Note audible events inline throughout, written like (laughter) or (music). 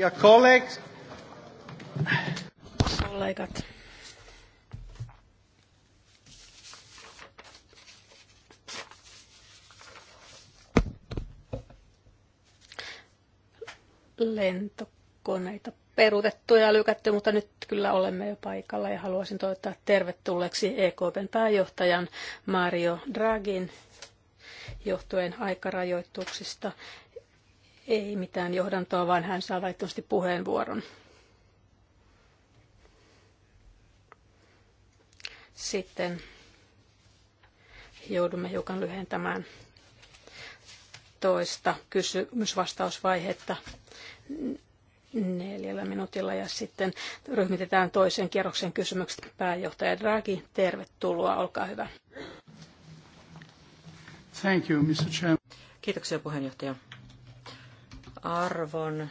ja kollegat. Kollegat. Lentokoneita peruutettu ja lykätty, mutta nyt kyllä olemme jo paikalla ja haluaisin toivottaa tervetulleeksi EKPn pääjohtajan Mario Dragin johtuen aikarajoituksista ei mitään johdantoa, vaan hän saa laittomasti puheenvuoron. Sitten joudumme hiukan lyhentämään toista kysymysvastausvaihetta neljällä minuutilla ja sitten ryhmitetään toisen kierroksen kysymykset. Pääjohtaja Draghi, tervetuloa, olkaa hyvä. Thank you, Mr. Chairman. Kiitoksia puheenjohtaja arvon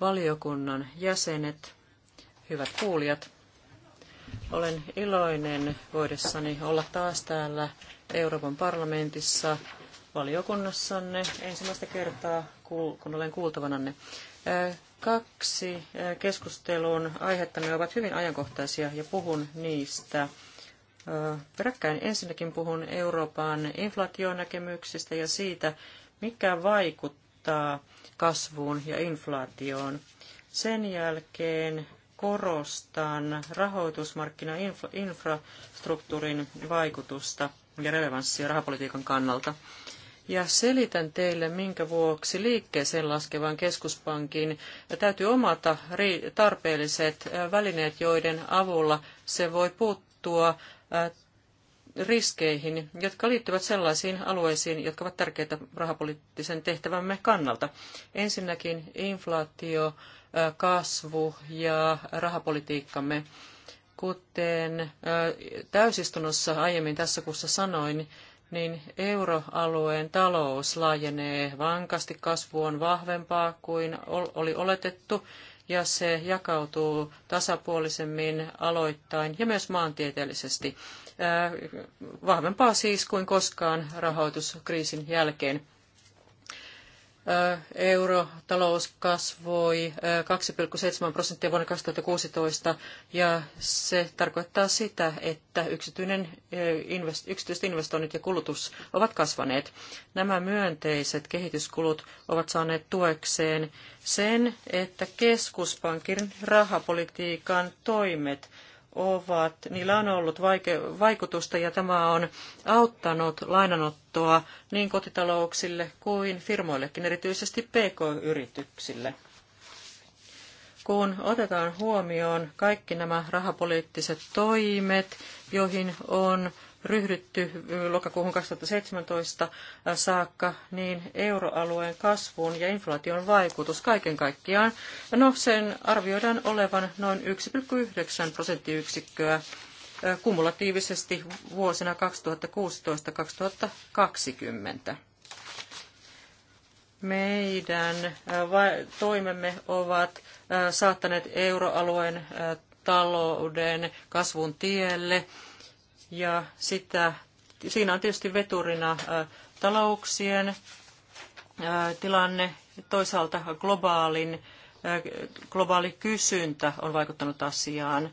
valiokunnan jäsenet, hyvät kuulijat. Olen iloinen voidessani olla taas täällä Euroopan parlamentissa valiokunnassanne ensimmäistä kertaa, kun olen kuultavananne. Äh, kaksi äh, keskustelun aihetta ne ovat hyvin ajankohtaisia ja puhun niistä. Äh, peräkkäin ensinnäkin puhun Euroopan inflaationäkemyksistä ja siitä, mikä vaikuttaa johtaa kasvuun ja inflaatioon. Sen jälkeen korostan rahoitusmarkkinainfrastruktuurin vaikutusta ja relevanssia rahapolitiikan kannalta. Ja selitän teille, minkä vuoksi liikkeeseen laskevan keskuspankin täytyy omata tarpeelliset välineet, joiden avulla se voi puuttua riskeihin, jotka liittyvät sellaisiin alueisiin, jotka ovat tärkeitä rahapoliittisen tehtävämme kannalta. Ensinnäkin inflaatio, kasvu ja rahapolitiikkamme. Kuten täysistunnossa aiemmin tässä kuussa sanoin, niin euroalueen talous laajenee vankasti, kasvu on vahvempaa kuin oli oletettu ja se jakautuu tasapuolisemmin aloittain ja myös maantieteellisesti. Äh, vahvempaa siis kuin koskaan rahoituskriisin jälkeen. Äh, eurotalous kasvoi 2,7 äh, prosenttia vuonna 2016 ja se tarkoittaa sitä, että yksityinen, yksityiset investoinnit ja kulutus ovat kasvaneet. Nämä myönteiset kehityskulut ovat saaneet tuekseen sen, että keskuspankin rahapolitiikan toimet ovat, niillä on ollut vaike- vaikutusta ja tämä on auttanut lainanottoa niin kotitalouksille kuin firmoillekin, erityisesti pk-yrityksille. Kun otetaan huomioon kaikki nämä rahapoliittiset toimet, joihin on ryhdytty lokakuuhun 2017 saakka, niin euroalueen kasvun ja inflaation vaikutus kaiken kaikkiaan, no sen arvioidaan olevan noin 1,9 prosenttiyksikköä kumulatiivisesti vuosina 2016-2020. Meidän toimemme ovat saattaneet euroalueen talouden kasvun tielle ja sitä, siinä on tietysti veturina talouksien tilanne, toisaalta globaalin, globaali kysyntä on vaikuttanut asiaan.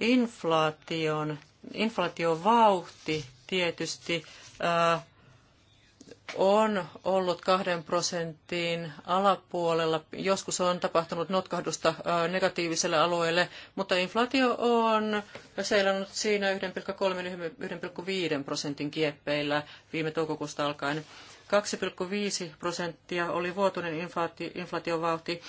Inflaation, inflaation vauhti tietysti on ollut kahden prosentin alapuolella. Joskus on tapahtunut notkahdusta negatiiviselle alueelle, mutta inflaatio on seilannut siinä 1,3-1,5 prosentin kieppeillä viime toukokuusta alkaen. 2,5 prosenttia oli vuotuinen inflaatiovauhti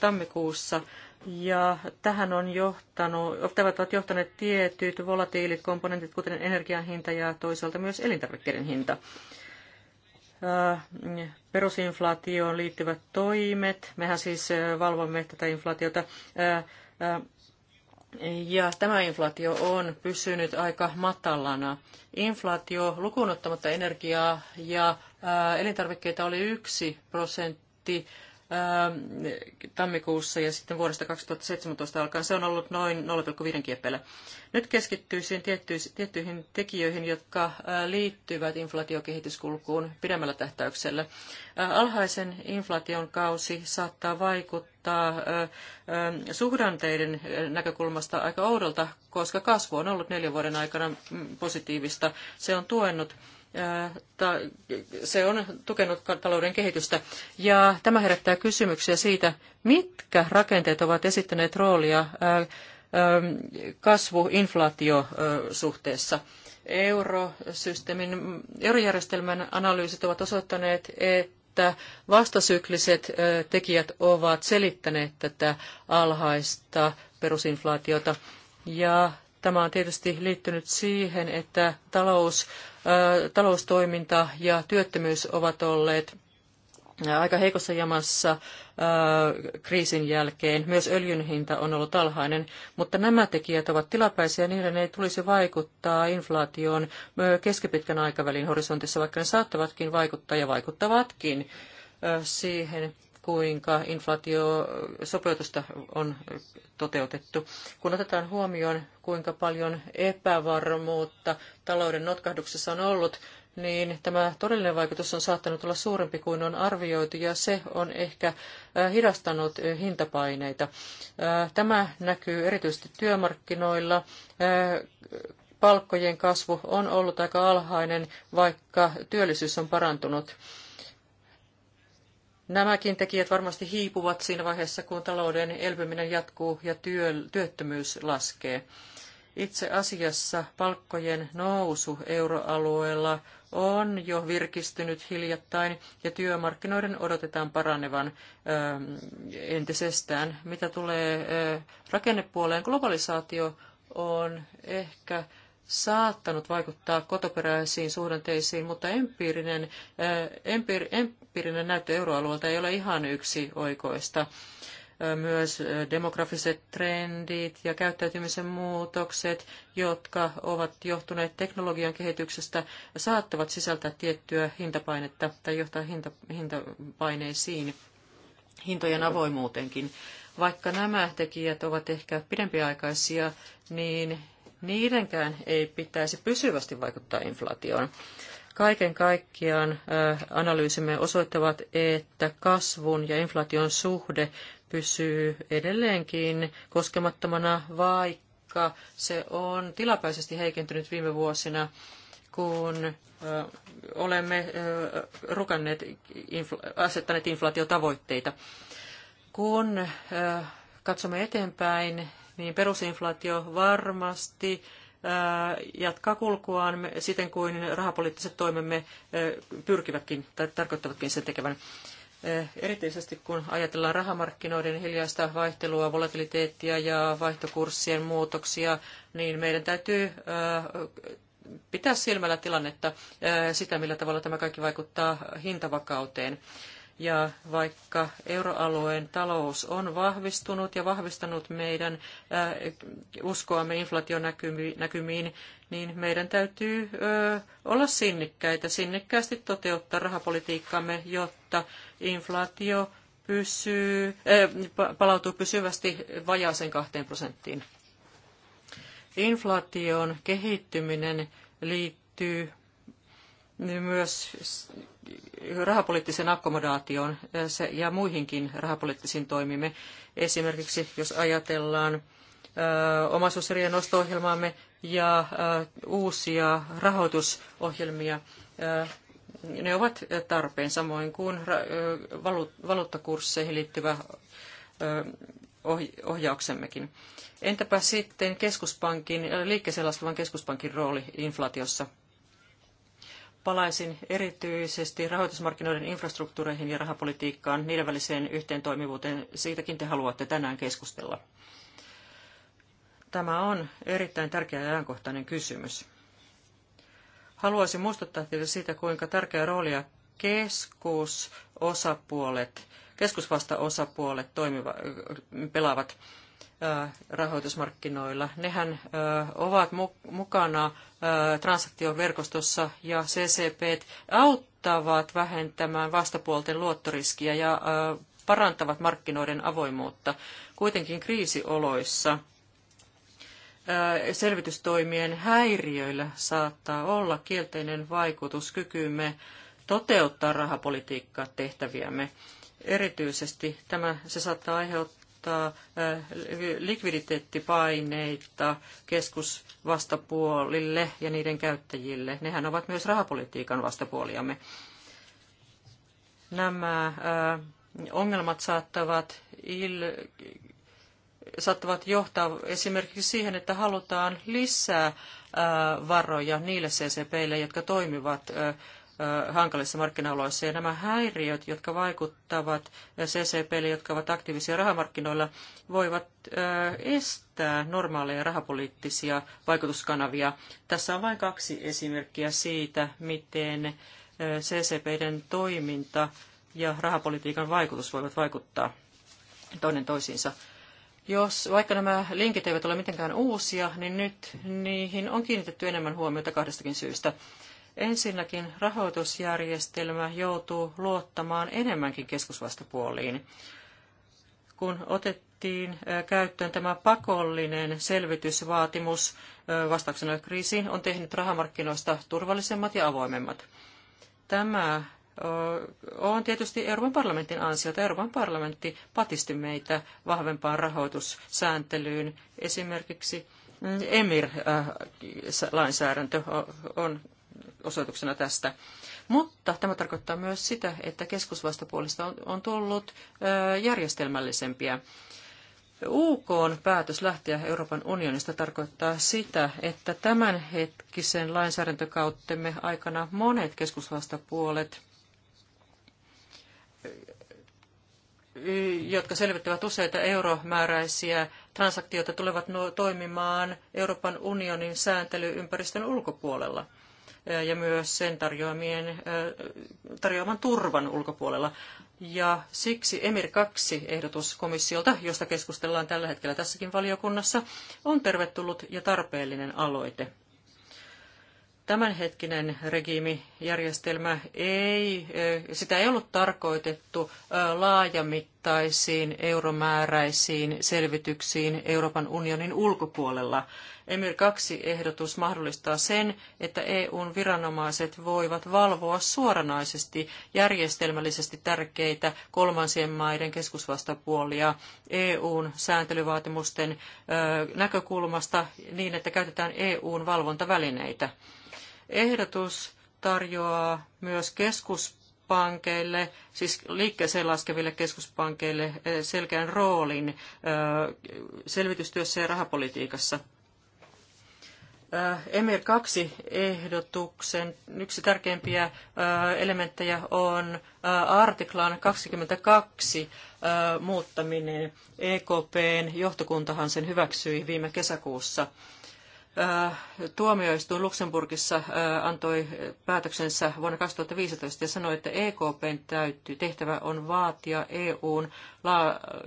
tammikuussa. Ja tähän on johtanut, tähän ovat johtaneet tietyt volatiilit komponentit, kuten energian hinta ja toisaalta myös elintarvikkeiden hinta. Äh, perusinflaatioon liittyvät toimet. Mehän siis äh, valvomme tätä inflaatiota. Äh, ja tämä inflaatio on pysynyt aika matalana. Inflaatio lukuun ottamatta energiaa ja elintarvikkeita oli yksi prosentti Ähm, tammikuussa ja sitten vuodesta 2017 alkaen se on ollut noin 0,5 kieppeillä. Nyt keskittyisin tiettyihin tekijöihin, jotka äh, liittyvät inflaatiokehityskulkuun pidemmällä tähtäyksellä. Äh, alhaisen inflaation kausi saattaa vaikuttaa äh, suhdanteiden näkökulmasta aika oudolta, koska kasvu on ollut neljän vuoden aikana mm, positiivista. Se on tuennut se on tukenut talouden kehitystä. Ja tämä herättää kysymyksiä siitä, mitkä rakenteet ovat esittäneet roolia kasvu-inflaatiosuhteessa. Eurosysteemin, eurojärjestelmän analyysit ovat osoittaneet, että vastasykliset tekijät ovat selittäneet tätä alhaista perusinflaatiota. Ja Tämä on tietysti liittynyt siihen, että talous, taloustoiminta ja työttömyys ovat olleet aika heikossa jamassa kriisin jälkeen. Myös öljyn hinta on ollut alhainen, mutta nämä tekijät ovat tilapäisiä, niiden ei tulisi vaikuttaa inflaatioon keskipitkän aikavälin horisontissa, vaikka ne saattavatkin vaikuttaa ja vaikuttavatkin siihen kuinka inflaatiosopeutusta on toteutettu. Kun otetaan huomioon, kuinka paljon epävarmuutta talouden notkahduksessa on ollut, niin tämä todellinen vaikutus on saattanut olla suurempi kuin on arvioitu, ja se on ehkä äh, hidastanut äh, hintapaineita. Äh, tämä näkyy erityisesti työmarkkinoilla. Palkkojen kasvu on ollut aika alhainen, vaikka työllisyys on parantunut. Nämäkin tekijät varmasti hiipuvat siinä vaiheessa, kun talouden elpyminen jatkuu ja työttömyys laskee. Itse asiassa palkkojen nousu euroalueella on jo virkistynyt hiljattain ja työmarkkinoiden odotetaan paranevan ähm, entisestään. Mitä tulee äh, rakennepuoleen, globalisaatio on ehkä saattanut vaikuttaa kotoperäisiin suhdanteisiin, mutta empiirinen, eh, empiir, empiirinen näyttö euroalueelta ei ole ihan yksi oikoista. Eh, myös eh, demografiset trendit ja käyttäytymisen muutokset, jotka ovat johtuneet teknologian kehityksestä, saattavat sisältää tiettyä hintapainetta tai johtaa hinta, hintapaineisiin, hintojen avoimuuteenkin. Vaikka nämä tekijät ovat ehkä pidempiaikaisia, niin niidenkään ei pitäisi pysyvästi vaikuttaa inflaatioon. Kaiken kaikkiaan analyysimme osoittavat, että kasvun ja inflaation suhde pysyy edelleenkin koskemattomana, vaikka se on tilapäisesti heikentynyt viime vuosina, kun olemme rukanneet, asettaneet inflaatiotavoitteita. Kun katsomme eteenpäin, niin perusinflaatio varmasti äh, jatkaa kulkuaan siten kuin rahapoliittiset toimemme äh, pyrkivätkin tai tarkoittavatkin sen tekevän. Äh, erityisesti kun ajatellaan rahamarkkinoiden hiljaista vaihtelua, volatiliteettia ja vaihtokurssien muutoksia, niin meidän täytyy pitää silmällä tilannetta sitä, millä tavalla tämä kaikki vaikuttaa hintavakauteen. Ja vaikka euroalueen talous on vahvistunut ja vahvistanut meidän äh, uskoamme inflaationäkymiin, niin meidän täytyy äh, olla sinnikkäitä, sinnikkäästi toteuttaa rahapolitiikkaamme, jotta inflaatio pysyy, äh, palautuu pysyvästi vajaaseen kahteen prosenttiin. Inflaation kehittyminen liittyy myös rahapoliittiseen akkomodaatioon ja muihinkin rahapoliittisiin toimimme. Esimerkiksi jos ajatellaan omaisuuserien osto-ohjelmaamme ja uusia rahoitusohjelmia, ne ovat tarpeen, samoin kuin valuuttakursseihin liittyvä ohjauksemmekin. Entäpä sitten keskuspankin, liikkeeseen laskevan keskuspankin rooli inflaatiossa? palaisin erityisesti rahoitusmarkkinoiden infrastruktuureihin ja rahapolitiikkaan, niiden väliseen yhteentoimivuuteen. Siitäkin te haluatte tänään keskustella. Tämä on erittäin tärkeä ja ajankohtainen kysymys. Haluaisin muistuttaa teille siitä, kuinka tärkeä roolia keskusosapuolet, keskusvastaosapuolet toimiva, pelaavat rahoitusmarkkinoilla. Nehän ovat mukana transaktioverkostossa ja CCP auttavat vähentämään vastapuolten luottoriskiä ja parantavat markkinoiden avoimuutta. Kuitenkin kriisioloissa selvitystoimien häiriöillä saattaa olla kielteinen vaikutus kykyymme toteuttaa rahapolitiikkaa tehtäviämme. Erityisesti tämä, se saattaa aiheuttaa vastaa eh, likviditeettipaineita keskusvastapuolille ja niiden käyttäjille. Nehän ovat myös rahapolitiikan vastapuoliamme. Nämä eh, ongelmat saattavat, il, saattavat johtaa esimerkiksi siihen, että halutaan lisää eh, varoja niille CCPille, jotka toimivat hankalissa markkinaoloissa. Ja nämä häiriöt, jotka vaikuttavat CCPlle, jotka ovat aktiivisia rahamarkkinoilla, voivat estää normaaleja rahapoliittisia vaikutuskanavia. Tässä on vain kaksi esimerkkiä siitä, miten CCPiden toiminta ja rahapolitiikan vaikutus voivat vaikuttaa toinen toisiinsa. Jos vaikka nämä linkit eivät ole mitenkään uusia, niin nyt niihin on kiinnitetty enemmän huomiota kahdestakin syystä. Ensinnäkin rahoitusjärjestelmä joutuu luottamaan enemmänkin keskusvastapuoliin. Kun otettiin käyttöön tämä pakollinen selvitysvaatimus vastauksena kriisiin, on tehnyt rahamarkkinoista turvallisemmat ja avoimemmat. Tämä on tietysti Euroopan parlamentin ansiota. Euroopan parlamentti patisti meitä vahvempaan rahoitussääntelyyn. Esimerkiksi mm, EMIR-lainsäädäntö on osoituksena tästä. Mutta tämä tarkoittaa myös sitä, että keskusvastapuolista on, on tullut ö, järjestelmällisempiä. UK on päätös lähteä Euroopan unionista tarkoittaa sitä, että tämänhetkisen lainsäädäntökauttemme aikana monet keskusvastapuolet jotka selvittävät useita euromääräisiä transaktioita, tulevat toimimaan Euroopan unionin sääntelyympäristön ulkopuolella ja myös sen tarjoamien, tarjoaman turvan ulkopuolella. Ja siksi Emir 2 ehdotus komissiolta, josta keskustellaan tällä hetkellä tässäkin valiokunnassa, on tervetullut ja tarpeellinen aloite tämänhetkinen regiimijärjestelmä ei, sitä ei ollut tarkoitettu laajamittaisiin euromääräisiin selvityksiin Euroopan unionin ulkopuolella. Emir 2-ehdotus mahdollistaa sen, että EUn viranomaiset voivat valvoa suoranaisesti järjestelmällisesti tärkeitä kolmansien maiden keskusvastapuolia EUn sääntelyvaatimusten näkökulmasta niin, että käytetään EUn valvontavälineitä. Ehdotus tarjoaa myös keskuspankeille, siis liikkeeseen laskeville keskuspankeille eh, selkeän roolin eh, selvitystyössä ja rahapolitiikassa. Eh, EMIR 2 ehdotuksen yksi tärkeimpiä elementtejä on artiklan 22 muuttaminen. EKPn johtokuntahan sen hyväksyi viime kesäkuussa tuomioistuin Luxemburgissa antoi päätöksensä vuonna 2015 ja sanoi, että EKPn täytyy, tehtävä on vaatia EUn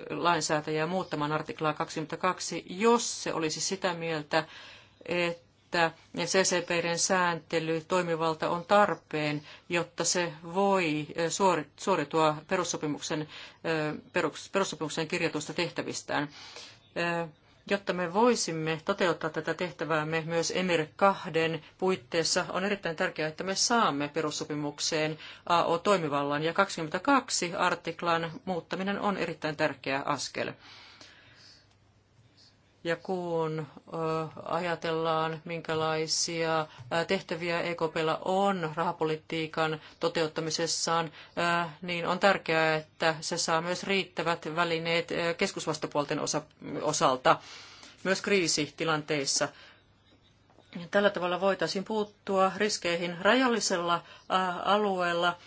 lainsäätäjää muuttamaan artiklaa 22, jos se olisi sitä mieltä, että CCPden sääntely, toimivalta on tarpeen, jotta se voi suoritua perussopimuksen, perussopimuksen kirjatuista tehtävistään. Jotta me voisimme toteuttaa tätä tehtäväämme myös Emir 2 puitteissa, on erittäin tärkeää, että me saamme perussopimukseen AO-toimivallan ja 22 artiklan muuttaminen on erittäin tärkeä askel. Ja kun ajatellaan, minkälaisia tehtäviä EKPlla on rahapolitiikan toteuttamisessaan, niin on tärkeää, että se saa myös riittävät välineet keskusvastapuolten osalta, myös kriisitilanteissa. Tällä tavalla voitaisiin puuttua riskeihin rajallisella alueella,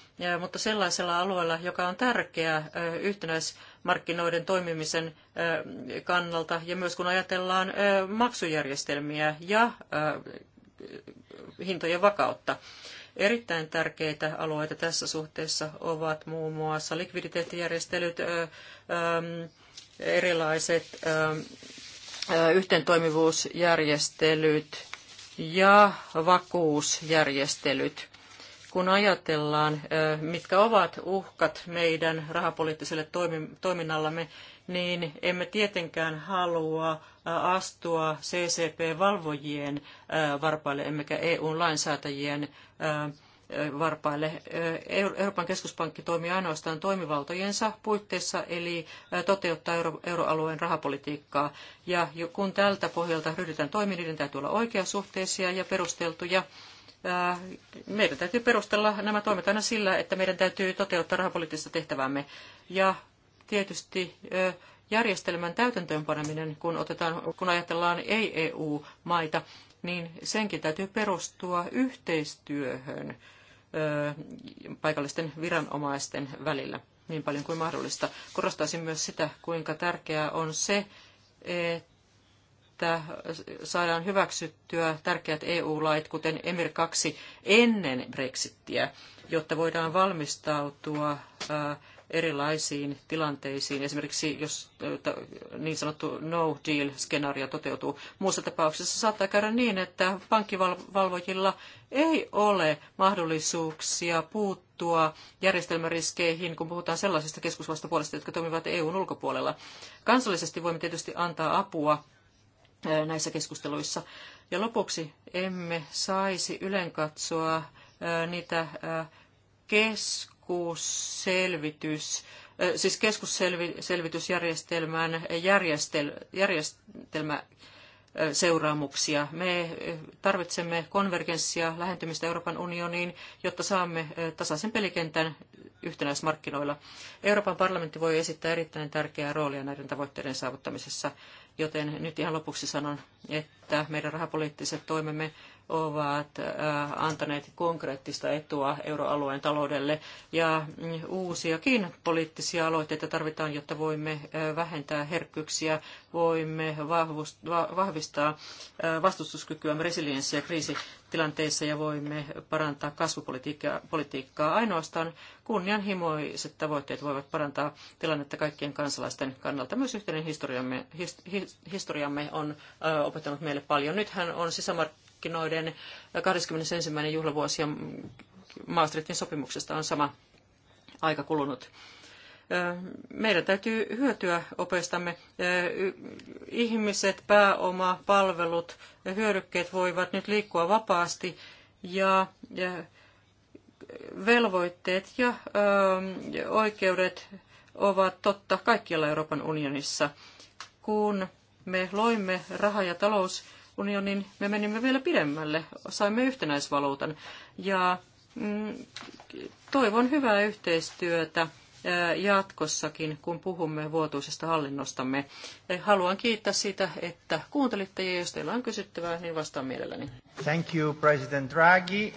mutta sellaisella alueella, joka on tärkeä yhtenäis markkinoiden toimimisen kannalta ja myös kun ajatellaan maksujärjestelmiä ja hintojen vakautta. Erittäin tärkeitä alueita tässä suhteessa ovat muun muassa likviditeettijärjestelyt, erilaiset yhteentoimivuusjärjestelyt ja vakuusjärjestelyt kun ajatellaan, mitkä ovat uhkat meidän rahapoliittiselle toiminnallamme, niin emme tietenkään halua astua CCP-valvojien varpaille, emmekä EU-lainsäätäjien varpaille. Euroopan keskuspankki toimii ainoastaan toimivaltojensa puitteissa, eli toteuttaa euro- euroalueen rahapolitiikkaa. Ja kun tältä pohjalta ryhdytään toimiin, niiden täytyy olla oikeasuhteisia ja perusteltuja. Äh, meidän täytyy perustella nämä toimet aina sillä, että meidän täytyy toteuttaa rahapoliittista tehtävämme. Ja tietysti järjestelmän täytäntöönpaneminen, kun, otetaan, kun ajatellaan ei-EU-maita, niin senkin täytyy perustua yhteistyöhön paikallisten viranomaisten välillä niin paljon kuin mahdollista. Korostaisin myös sitä, kuinka tärkeää on se, että että saadaan hyväksyttyä tärkeät EU-lait, kuten Emir 2, ennen Brexittiä, jotta voidaan valmistautua äh, erilaisiin tilanteisiin. Esimerkiksi jos äh, niin sanottu no deal-skenaario toteutuu. Muussa tapauksessa saattaa käydä niin, että pankkivalvojilla ei ole mahdollisuuksia puuttua järjestelmäriskeihin, kun puhutaan sellaisista keskusvastapuolista, jotka toimivat EUn ulkopuolella. Kansallisesti voimme tietysti antaa apua näissä keskusteluissa. Ja lopuksi emme saisi ylenkatsoa niitä keskusselvitys, siis keskusselvitysjärjestelmän järjestel, järjestelmä, seuraamuksia. Me tarvitsemme konvergenssia, lähentymistä Euroopan unioniin, jotta saamme tasaisen pelikentän yhtenäismarkkinoilla. Euroopan parlamentti voi esittää erittäin tärkeää roolia näiden tavoitteiden saavuttamisessa. Joten nyt ihan lopuksi sanon, että meidän rahapoliittiset toimemme ovat äh, antaneet konkreettista etua euroalueen taloudelle ja mm, uusiakin poliittisia aloitteita tarvitaan, jotta voimme äh, vähentää herkkyyksiä, voimme vahvistaa äh, vastustuskykyä, resilienssiä kriisitilanteissa ja voimme parantaa kasvupolitiikkaa. Ainoastaan kunnianhimoiset tavoitteet voivat parantaa tilannetta kaikkien kansalaisten kannalta. Myös yhteinen historiamme, historiamme on opettanut meille paljon. Nythän on sisämarkkinoilla markkinoiden 21. juhlavuosi ja Maastrichtin sopimuksesta on sama aika kulunut. Meidän täytyy hyötyä opeistamme. Ihmiset, pääoma, palvelut ja hyödykkeet voivat nyt liikkua vapaasti ja velvoitteet ja oikeudet ovat totta kaikkialla Euroopan unionissa. Kun me loimme raha- ja talous unionin, me menimme vielä pidemmälle, saimme yhtenäisvaluutan. Ja mm, toivon hyvää yhteistyötä jatkossakin, kun puhumme vuotuisesta hallinnostamme. E, haluan kiittää siitä, että kuuntelitte ja jos teillä on kysyttävää, niin vastaan mielelläni. Thank you, President Draghi.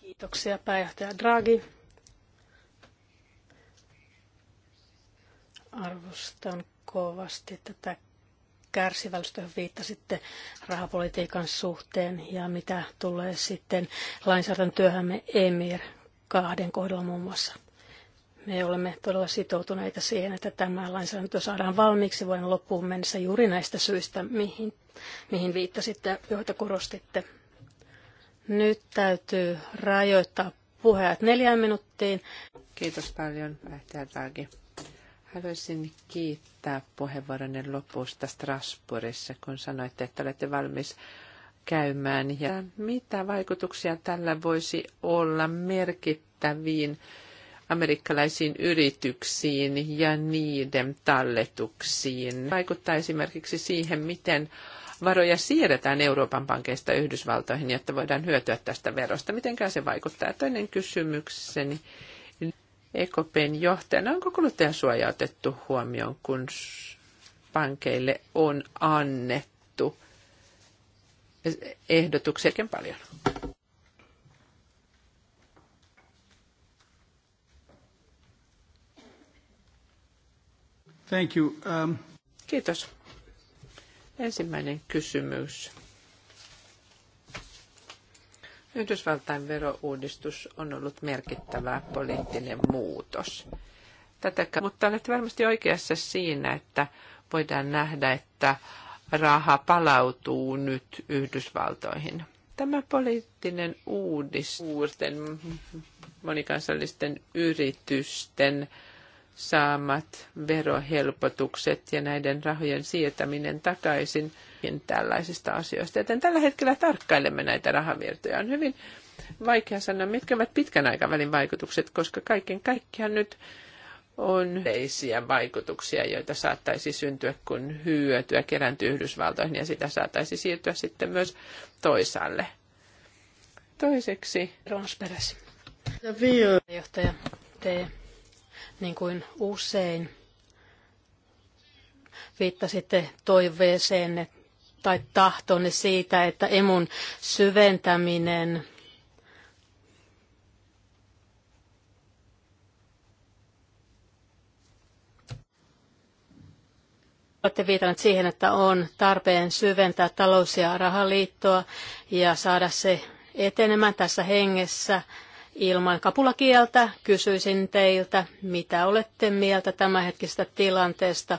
Kiitoksia, pääjohtaja Draghi. Arvostan kovasti tätä kärsivällisyyttä viittasitte rahapolitiikan suhteen ja mitä tulee sitten lainsäädäntötyöhämme EMIR kahden kohdalla muun muassa. Me olemme todella sitoutuneita siihen, että tämä lainsäädäntö saadaan valmiiksi vuoden loppuun mennessä juuri näistä syistä, mihin, mihin viittasitte, joita korostitte. Nyt täytyy rajoittaa puheet neljään minuuttiin. Kiitos paljon, Lähtijätarki. Haluaisin kiittää puheenvuoronne lopusta Strasbourgissa, kun sanoitte, että olette valmis käymään. Ja mitä vaikutuksia tällä voisi olla merkittäviin amerikkalaisiin yrityksiin ja niiden talletuksiin? Vaikuttaa esimerkiksi siihen, miten varoja siirretään Euroopan pankeista Yhdysvaltoihin, jotta voidaan hyötyä tästä verosta. Mitenkään se vaikuttaa? Toinen kysymykseni EKPn johtajana, no, onko kuluttajansuoja otettu huomioon, kun pankeille on annettu ehdotuksia paljon? Thank you. Um... Kiitos. Ensimmäinen kysymys Yhdysvaltain verouudistus on ollut merkittävä poliittinen muutos. Tätä, mutta olet varmasti oikeassa siinä, että voidaan nähdä, että raha palautuu nyt Yhdysvaltoihin. Tämä poliittinen uudistus monikansallisten yritysten saamat verohelpotukset ja näiden rahojen sietäminen takaisin – muillekin tällaisista asioista. Joten tällä hetkellä tarkkailemme näitä rahavirtoja. On hyvin vaikea sanoa, mitkä ovat pitkän aikavälin vaikutukset, koska kaiken kaikkiaan nyt on leisiä vaikutuksia, joita saattaisi syntyä, kun hyötyä kerääntyy Yhdysvaltoihin ja sitä saattaisi siirtyä sitten myös toisaalle. Toiseksi Ronsperäs. Johtaja, te niin kuin usein viittasitte toiveeseen, että tai tahtoni siitä, että emun syventäminen Olette viitanneet siihen, että on tarpeen syventää talous- ja rahaliittoa ja saada se etenemään tässä hengessä ilman kapulakieltä. Kysyisin teiltä, mitä olette mieltä tämänhetkisestä tilanteesta,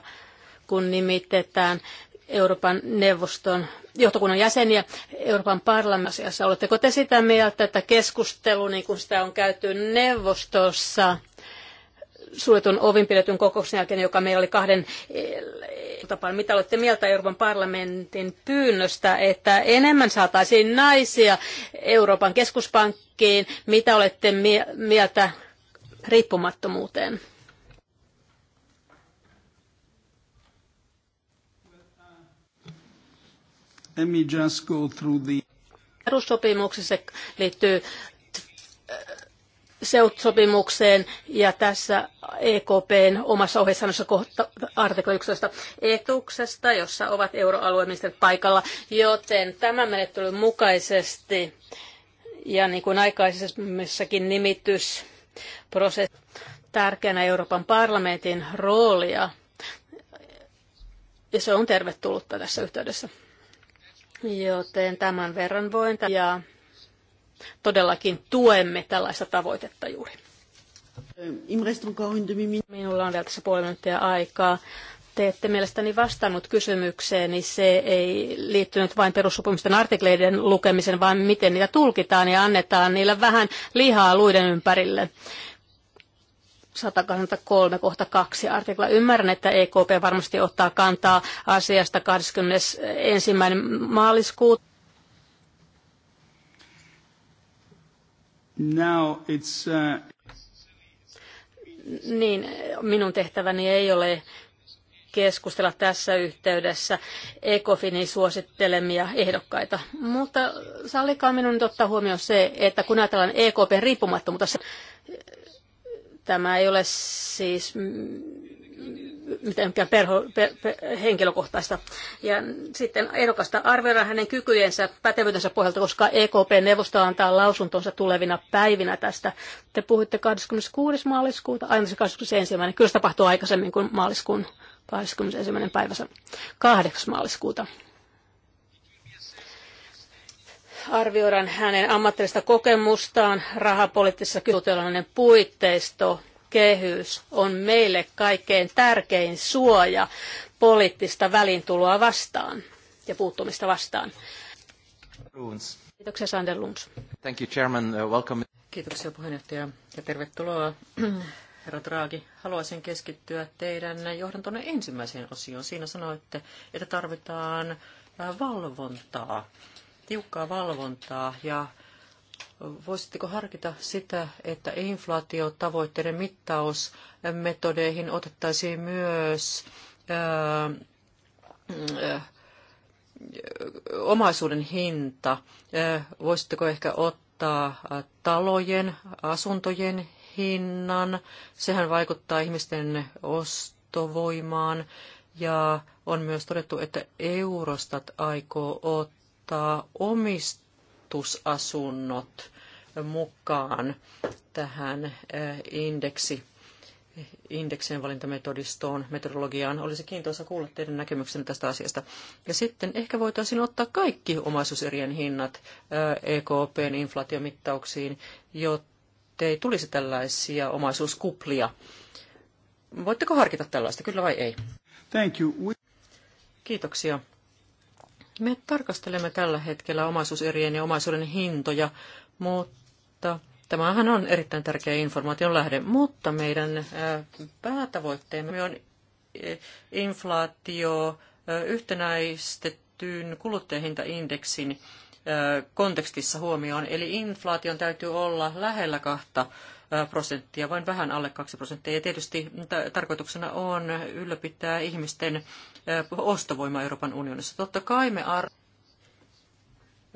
kun nimitetään Euroopan neuvoston johtokunnan jäseniä Euroopan parlamentissa. Oletteko te sitä mieltä, että keskustelu, niin kuin sitä on käyty neuvostossa, suljetun ovin pidetyn kokouksen jälkeen, joka meillä oli kahden eh, tapaan. Mitä olette mieltä Euroopan parlamentin pyynnöstä, että enemmän saataisiin naisia Euroopan keskuspankkiin? Mitä olette mieltä riippumattomuuteen? Let me just go through the... Perussopimuksessa liittyy SEUT-sopimukseen ja tässä EKPn omassa ohjesanossa kohta artikla 11 etuksesta, jossa ovat euroalueministerit paikalla, joten tämän menettelyn mukaisesti ja niin kuin aikaisemmissakin nimitysprosessi tärkeänä Euroopan parlamentin roolia ja se on tervetullutta tässä yhteydessä. Joten tämän verran voin ja todellakin tuemme tällaista tavoitetta juuri. Minulla on vielä tässä puoli minuuttia aikaa. Te ette mielestäni vastannut kysymykseeni. Niin se ei liittynyt vain perussopimusten artikleiden lukemiseen vaan miten niitä tulkitaan ja annetaan niillä vähän lihaa luiden ympärille. 183 kohta 2 artikla. Ymmärrän, että EKP varmasti ottaa kantaa asiasta 21. maaliskuuta. Now it's, uh... Niin, minun tehtäväni ei ole keskustella tässä yhteydessä ECOFINin suosittelemia ehdokkaita. Mutta sallikaa minun nyt ottaa huomioon se, että kun ajatellaan EKP riippumattomuutta, Tämä ei ole siis mitenkään perho, per, per, henkilökohtaista. Ja sitten ehdokasta arvioidaan hänen kykyjensä, pätevyytensä pohjalta, koska EKP-neuvosto antaa lausuntonsa tulevina päivinä tästä. Te puhuitte 26. maaliskuuta, aina se 21. Kyllä se tapahtuu aikaisemmin kuin maaliskuun 21. päivässä 8. maaliskuuta arvioidaan hänen ammatillista kokemustaan, rahapoliittisessa kysymyksessä puitteisto, kehys on meille kaikkein tärkein suoja poliittista välintuloa vastaan ja puuttumista vastaan. Runes. Kiitoksia Sander Luns. Thank you, Chairman. Uh, welcome. Kiitoksia puheenjohtaja ja tervetuloa. (clears throat) Herra Draghi, haluaisin keskittyä teidän johdantonne ensimmäiseen osioon. Siinä sanoitte, että tarvitaan äh, valvontaa tiukkaa valvontaa ja voisitteko harkita sitä, että inflaatiotavoitteiden mittausmetodeihin otettaisiin myös omaisuuden hinta? voisitteko ehkä ottaa talojen, asuntojen hinnan? Sehän vaikuttaa ihmisten ostovoimaan. Ja on myös todettu, että Eurostat aikoo ottaa ottaa omistusasunnot mukaan tähän eh, indeksi indeksien valintametodistoon, metodologiaan. Olisi kiintoisa kuulla teidän näkemyksenne tästä asiasta. Ja sitten ehkä voitaisiin ottaa kaikki omaisuuserien hinnat EKPn eh, e inflaatiomittauksiin, ei tulisi tällaisia omaisuuskuplia. Voitteko harkita tällaista, kyllä vai ei? Thank you. Kiitoksia. Me tarkastelemme tällä hetkellä omaisuuserien ja omaisuuden hintoja, mutta tämähän on erittäin tärkeä informaation lähde, mutta meidän äh, päätavoitteemme on äh, inflaatio äh, yhtenäistettyyn kuluttajahintaindeksin kontekstissa huomioon. Eli inflaation täytyy olla lähellä kahta Äh, prosenttia, vain vähän alle 2 prosenttia. Ja tietysti tarkoituksena on ylläpitää ihmisten äh, ostovoimaa Euroopan unionissa. Totta kai me ar-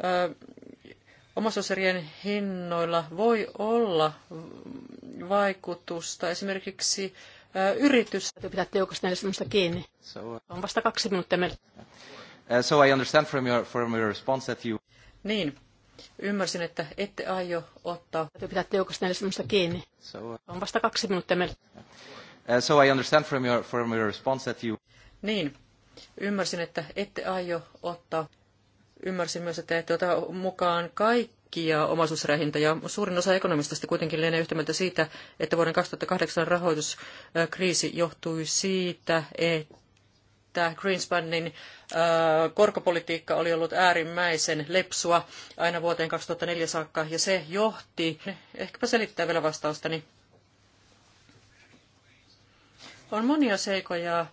äh, omasoserien hinnoilla voi olla vaikutusta esimerkiksi yritys. Täytyy pitää tiukasti näistä minusta kiinni. Uh, on vasta kaksi minuuttia meillä. Uh, so I understand from your, from your response that you... Niin, Ymmärsin, että ette aio ottaa. Täytyy pitää tiukasti näistä minusta kiinni. So, uh, on vasta kaksi minuuttia meillä. Uh, so I understand from your, from your response that you... Niin, ymmärsin, että ette aio ottaa. Ymmärsin myös, että ette ota mukaan kaikkia omaisuusrähintöjä. Suurin osa ekonomistista kuitenkin lienee yhtä mieltä siitä, että vuoden 2008 rahoituskriisi johtui siitä, että että Greenspanin korkopolitiikka oli ollut äärimmäisen lepsua aina vuoteen 2004 saakka, ja se johti, ehkäpä selittää vielä vastaustani. On monia seikoja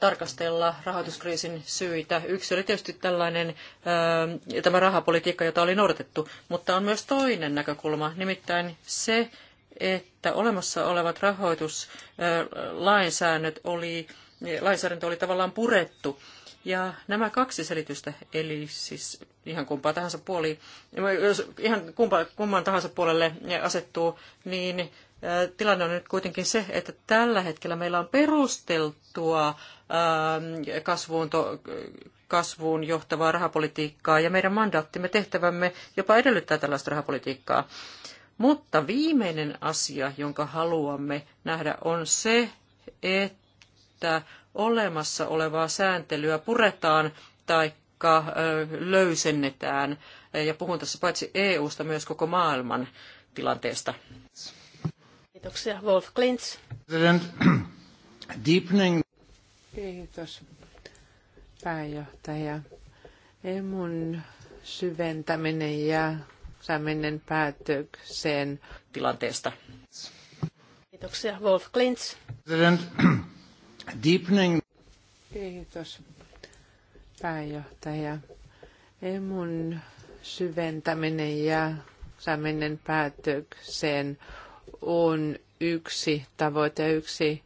tarkastella rahoituskriisin syitä. Yksi oli tietysti tällainen tämä rahapolitiikka, jota oli noudatettu, mutta on myös toinen näkökulma, nimittäin se, että olemassa olevat rahoituslainsäännöt oli lainsäädäntö oli tavallaan purettu. Ja nämä kaksi selitystä, eli siis ihan kumpaa tahansa puoli, jos ihan kumpa, kumman tahansa puolelle asettuu, niin tilanne on nyt kuitenkin se, että tällä hetkellä meillä on perusteltua kasvuun, to, kasvuun johtavaa rahapolitiikkaa ja meidän mandaattimme tehtävämme jopa edellyttää tällaista rahapolitiikkaa. Mutta viimeinen asia, jonka haluamme nähdä, on se, että että olemassa olevaa sääntelyä puretaan tai löysennetään. Ja puhun tässä paitsi EU-sta myös koko maailman tilanteesta. Kiitoksia. Wolf Klintz. (clears throat) Kiitos pääjohtaja. Emun syventäminen ja saaminen päätökseen tilanteesta. Kiitoksia. Wolf Klintz. President. (clears throat) Deepening. Kiitos pääjohtaja. Emun syventäminen ja saaminen päätökseen on yksi tavoite, yksi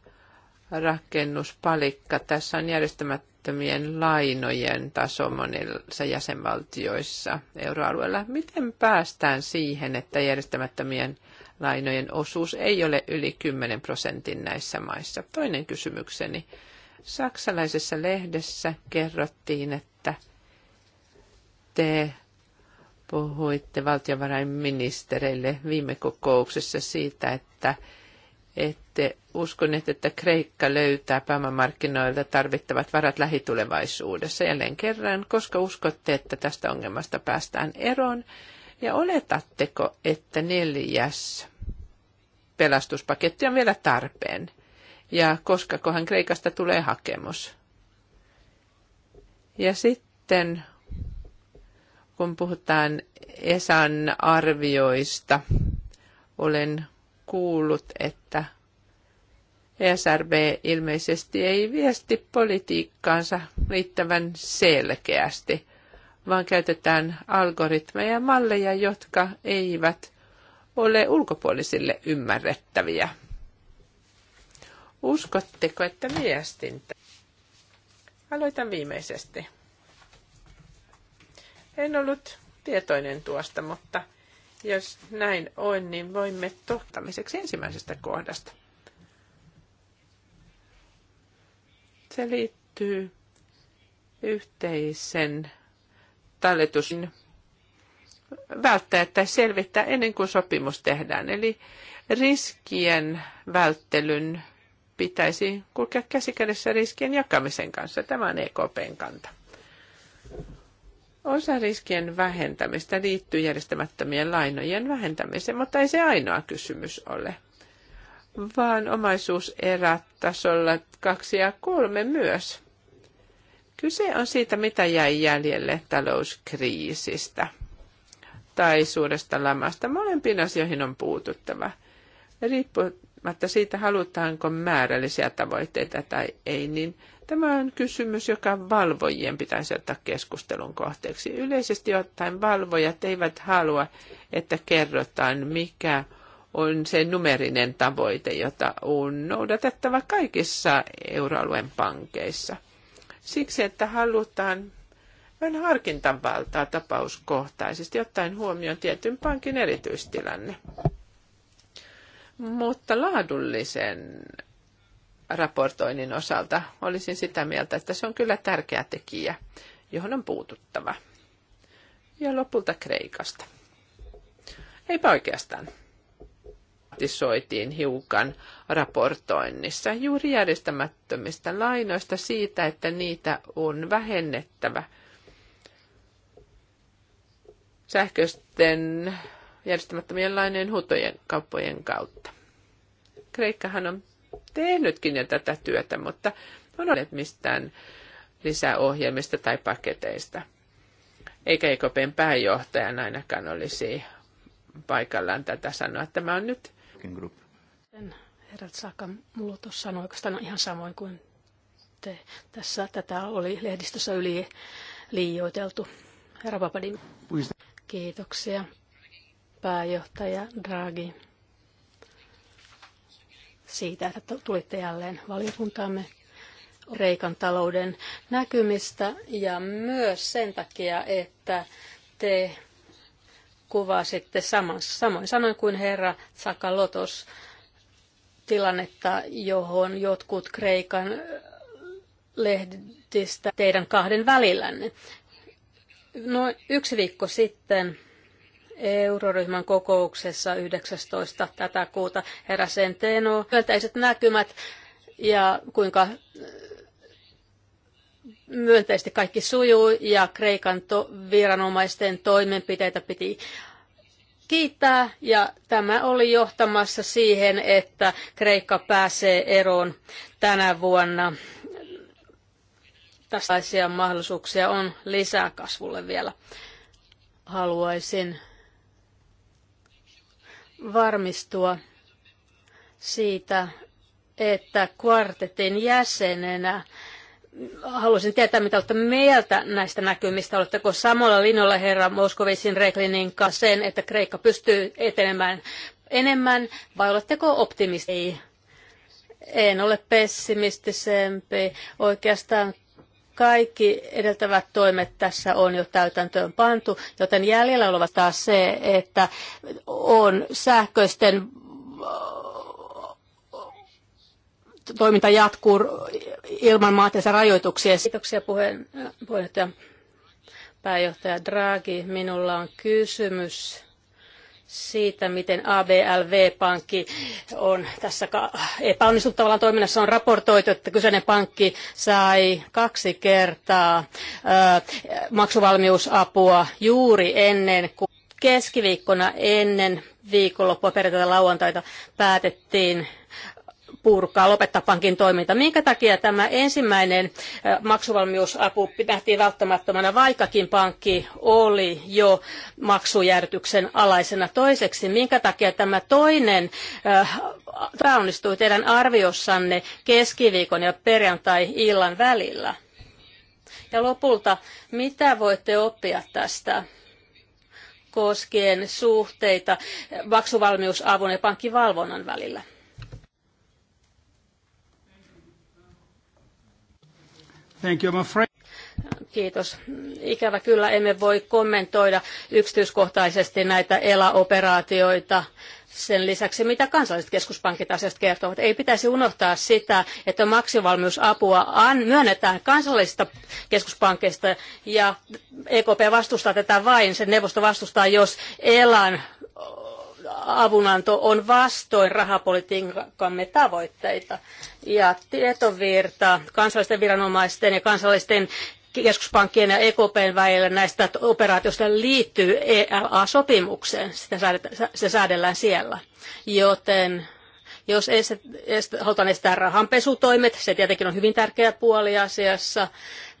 rakennuspalikka. Tässä on järjestämättömien lainojen taso monissa jäsenvaltioissa euroalueella. Miten päästään siihen, että järjestämättömien lainojen osuus ei ole yli 10 prosentin näissä maissa. Toinen kysymykseni. Saksalaisessa lehdessä kerrottiin, että te puhuitte valtiovarainministereille viime kokouksessa siitä, että ette uskoneet, että Kreikka löytää pääomamarkkinoilta tarvittavat varat lähitulevaisuudessa. Jälleen kerran, koska uskotte, että tästä ongelmasta päästään eroon, ja oletatteko, että neljäs pelastuspaketti on vielä tarpeen ja koska kohan Kreikasta tulee hakemus. Ja sitten kun puhutaan Esan arvioista, olen kuullut, että ESRB ilmeisesti ei viesti politiikkaansa riittävän selkeästi, vaan käytetään algoritmeja ja malleja, jotka eivät ole ulkopuolisille ymmärrettäviä. Uskotteko, että viestintä? Aloitan viimeisesti. En ollut tietoinen tuosta, mutta jos näin on, niin voimme tohtamiseksi ensimmäisestä kohdasta. Se liittyy yhteisen talletusin välttää tai selvittää ennen kuin sopimus tehdään. Eli riskien välttelyn pitäisi kulkea käsikädessä riskien jakamisen kanssa. Tämä on EKPn kanta. Osa riskien vähentämistä liittyy järjestämättömien lainojen vähentämiseen, mutta ei se ainoa kysymys ole, vaan omaisuuserät tasolla kaksi ja kolme myös. Kyse on siitä, mitä jäi jäljelle talouskriisistä – tai suuresta lamasta. Molempiin asioihin on puututtava. Riippumatta siitä, halutaanko määrällisiä tavoitteita tai ei, niin tämä on kysymys, joka valvojien pitäisi ottaa keskustelun kohteeksi. Yleisesti ottaen valvojat eivät halua, että kerrotaan, mikä on se numerinen tavoite, jota on noudatettava kaikissa euroalueen pankeissa. Siksi, että halutaan vain harkintavaltaa tapauskohtaisesti, ottaen huomioon tietyn pankin erityistilanne. Mutta laadullisen raportoinnin osalta olisin sitä mieltä, että se on kyllä tärkeä tekijä, johon on puututtava. Ja lopulta Kreikasta. Eipä oikeastaan. Soitiin hiukan raportoinnissa juuri järjestämättömistä lainoista siitä, että niitä on vähennettävä – sähköisten järjestämättömien lainojen huutojen kauppojen kautta. Kreikkahan on tehnytkin jo tätä työtä, mutta on ollut mistään lisäohjelmista tai paketeista. Eikä EKPn pääjohtajan ainakaan olisi paikallaan tätä sanoa. Tämä on nyt... Group. Herrat Saakka, mulla tuossa on oikeastaan ihan samoin kuin te. Tässä tätä oli lehdistössä yli liioiteltu. Herra Papadin. Kiitoksia, pääjohtaja Draghi, siitä, että tulitte jälleen valiokuntaamme Reikan talouden näkymistä ja myös sen takia, että te kuvasitte saman, samoin sanoin kuin herra Sakalotos tilannetta, johon jotkut Kreikan lehdistä teidän kahden välillänne. Noin yksi viikko sitten euroryhmän kokouksessa 19. tätä kuuta herra Centeno myönteiset näkymät ja kuinka äh, myönteisesti kaikki sujuu ja Kreikan to- viranomaisten toimenpiteitä piti kiittää ja tämä oli johtamassa siihen, että Kreikka pääsee eroon tänä vuonna Tällaisia mahdollisuuksia on lisää kasvulle vielä. Haluaisin varmistua siitä, että kvartetin jäsenenä haluaisin tietää, mitä olette mieltä näistä näkymistä. Oletteko samalla linjalla herra Moskovisin Reklinin kanssa sen, että Kreikka pystyy etenemään enemmän, vai oletteko optimisti? En ole pessimistisempi. Oikeastaan kaikki edeltävät toimet tässä on jo täytäntöön pantu, joten jäljellä oleva taas se, että on sähköisten äh, toiminta jatkuu ilman maantieteellisiä rajoituksia. Kiitoksia puheen, äh, puheenjohtaja pääjohtaja Draghi. Minulla on kysymys siitä, miten ABLV-pankki on tässä epäonnistunut tavallaan toiminnassa on raportoitu, että kyseinen pankki sai kaksi kertaa maksuvalmiusapua juuri ennen kuin keskiviikkona ennen viikonloppua perjantaita lauantaita päätettiin purkaa, lopettaa pankin toiminta. Minkä takia tämä ensimmäinen maksuvalmiusapu nähtiin välttämättömänä, vaikkakin pankki oli jo maksujärjestyksen alaisena toiseksi? Minkä takia tämä toinen pääonnistui teidän arviossanne keskiviikon ja perjantai-illan välillä? Ja lopulta, mitä voitte oppia tästä? koskien suhteita maksuvalmiusavun ja pankkivalvonnan välillä. Thank you, my Kiitos. Ikävä kyllä emme voi kommentoida yksityiskohtaisesti näitä ELA-operaatioita sen lisäksi, mitä kansalliset keskuspankit asiasta kertovat. Ei pitäisi unohtaa sitä, että maksivalmiusapua myönnetään kansallisista keskuspankkeista ja EKP vastustaa tätä vain, sen neuvosto vastustaa, jos ELAN avunanto on vastoin rahapolitiikkamme tavoitteita. Ja tietovirta kansallisten viranomaisten ja kansallisten keskuspankkien ja EKPn välillä näistä operaatioista liittyy ELA-sopimukseen. Sitä se säädellään siellä. Joten jos est, est, halutaan estää rahanpesutoimet, se tietenkin on hyvin tärkeä puoli asiassa,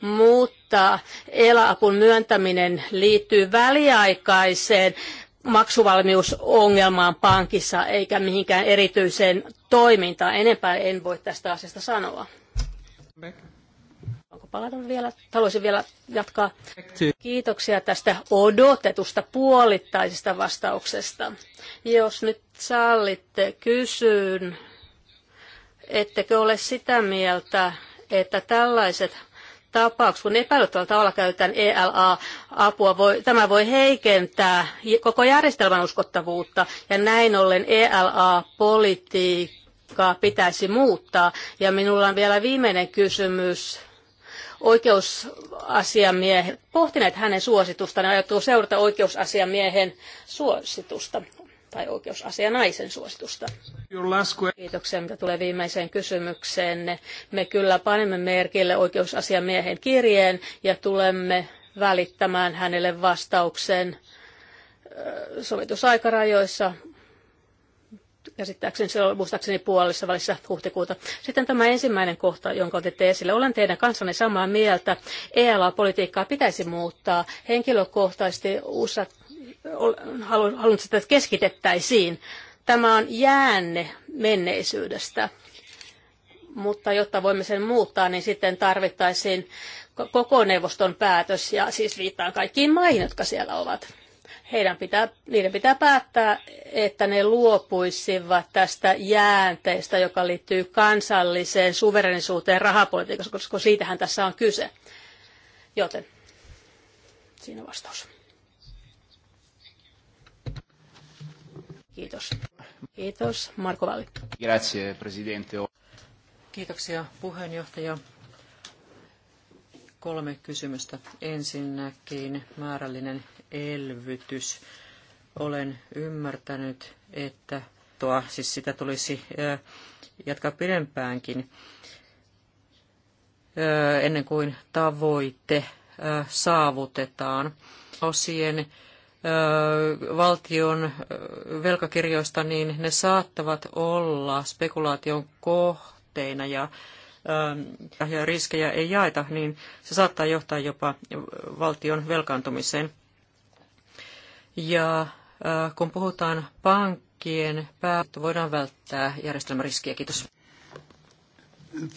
mutta eläapun myöntäminen liittyy väliaikaiseen maksuvalmiusongelmaan pankissa eikä mihinkään erityiseen toimintaan. Enempää en voi tästä asiasta sanoa. Onko palata vielä? Haluaisin vielä jatkaa. Kiitoksia tästä odotetusta puolittaisesta vastauksesta. Jos nyt sallitte, kysyn, ettekö ole sitä mieltä, että tällaiset tapauksessa, kun epäilyttävällä tavalla käytetään ELA-apua, voi, tämä voi heikentää koko järjestelmän uskottavuutta ja näin ollen ELA-politiikkaa pitäisi muuttaa. Ja minulla on vielä viimeinen kysymys oikeusasiamiehen. pohtineet hänen suositustaan ja ajattelu seurata oikeusasiamiehen suositusta tai oikeusasianaisen suositusta. Kiitoksia, mitä tulee viimeiseen kysymykseenne. Me kyllä panemme merkille oikeusasiamiehen kirjeen ja tulemme välittämään hänelle vastauksen sovitusaikarajoissa käsittääkseni se on muistaakseni puolessa välissä huhtikuuta. Sitten tämä ensimmäinen kohta, jonka otitte esille. Olen teidän kanssanne samaa mieltä. ELA-politiikkaa pitäisi muuttaa. Henkilökohtaisesti useat halunnut sitä, että keskitettäisiin. Tämä on jäänne menneisyydestä. Mutta jotta voimme sen muuttaa, niin sitten tarvittaisiin koko neuvoston päätös, ja siis viittaan kaikkiin maihin, jotka siellä ovat heidän pitää, niiden pitää päättää, että ne luopuisivat tästä jäänteestä, joka liittyy kansalliseen suverenisuuteen rahapolitiikassa, koska siitähän tässä on kyse. Joten siinä vastaus. Kiitos. Kiitos. Marko Valli. Grazie, presidente. Kiitoksia puheenjohtaja. Kolme kysymystä. Ensinnäkin määrällinen elvytys. Olen ymmärtänyt, että tuo, siis sitä tulisi jatkaa pidempäänkin ennen kuin tavoite saavutetaan. Osien valtion velkakirjoista, niin ne saattavat olla spekulaation kohteina ja, ja riskejä ei jaeta, niin se saattaa johtaa jopa valtion velkaantumiseen. Ja kun puhutaan pankkien päättä, voidaan välttää järjestelmäriskiä. Kiitos.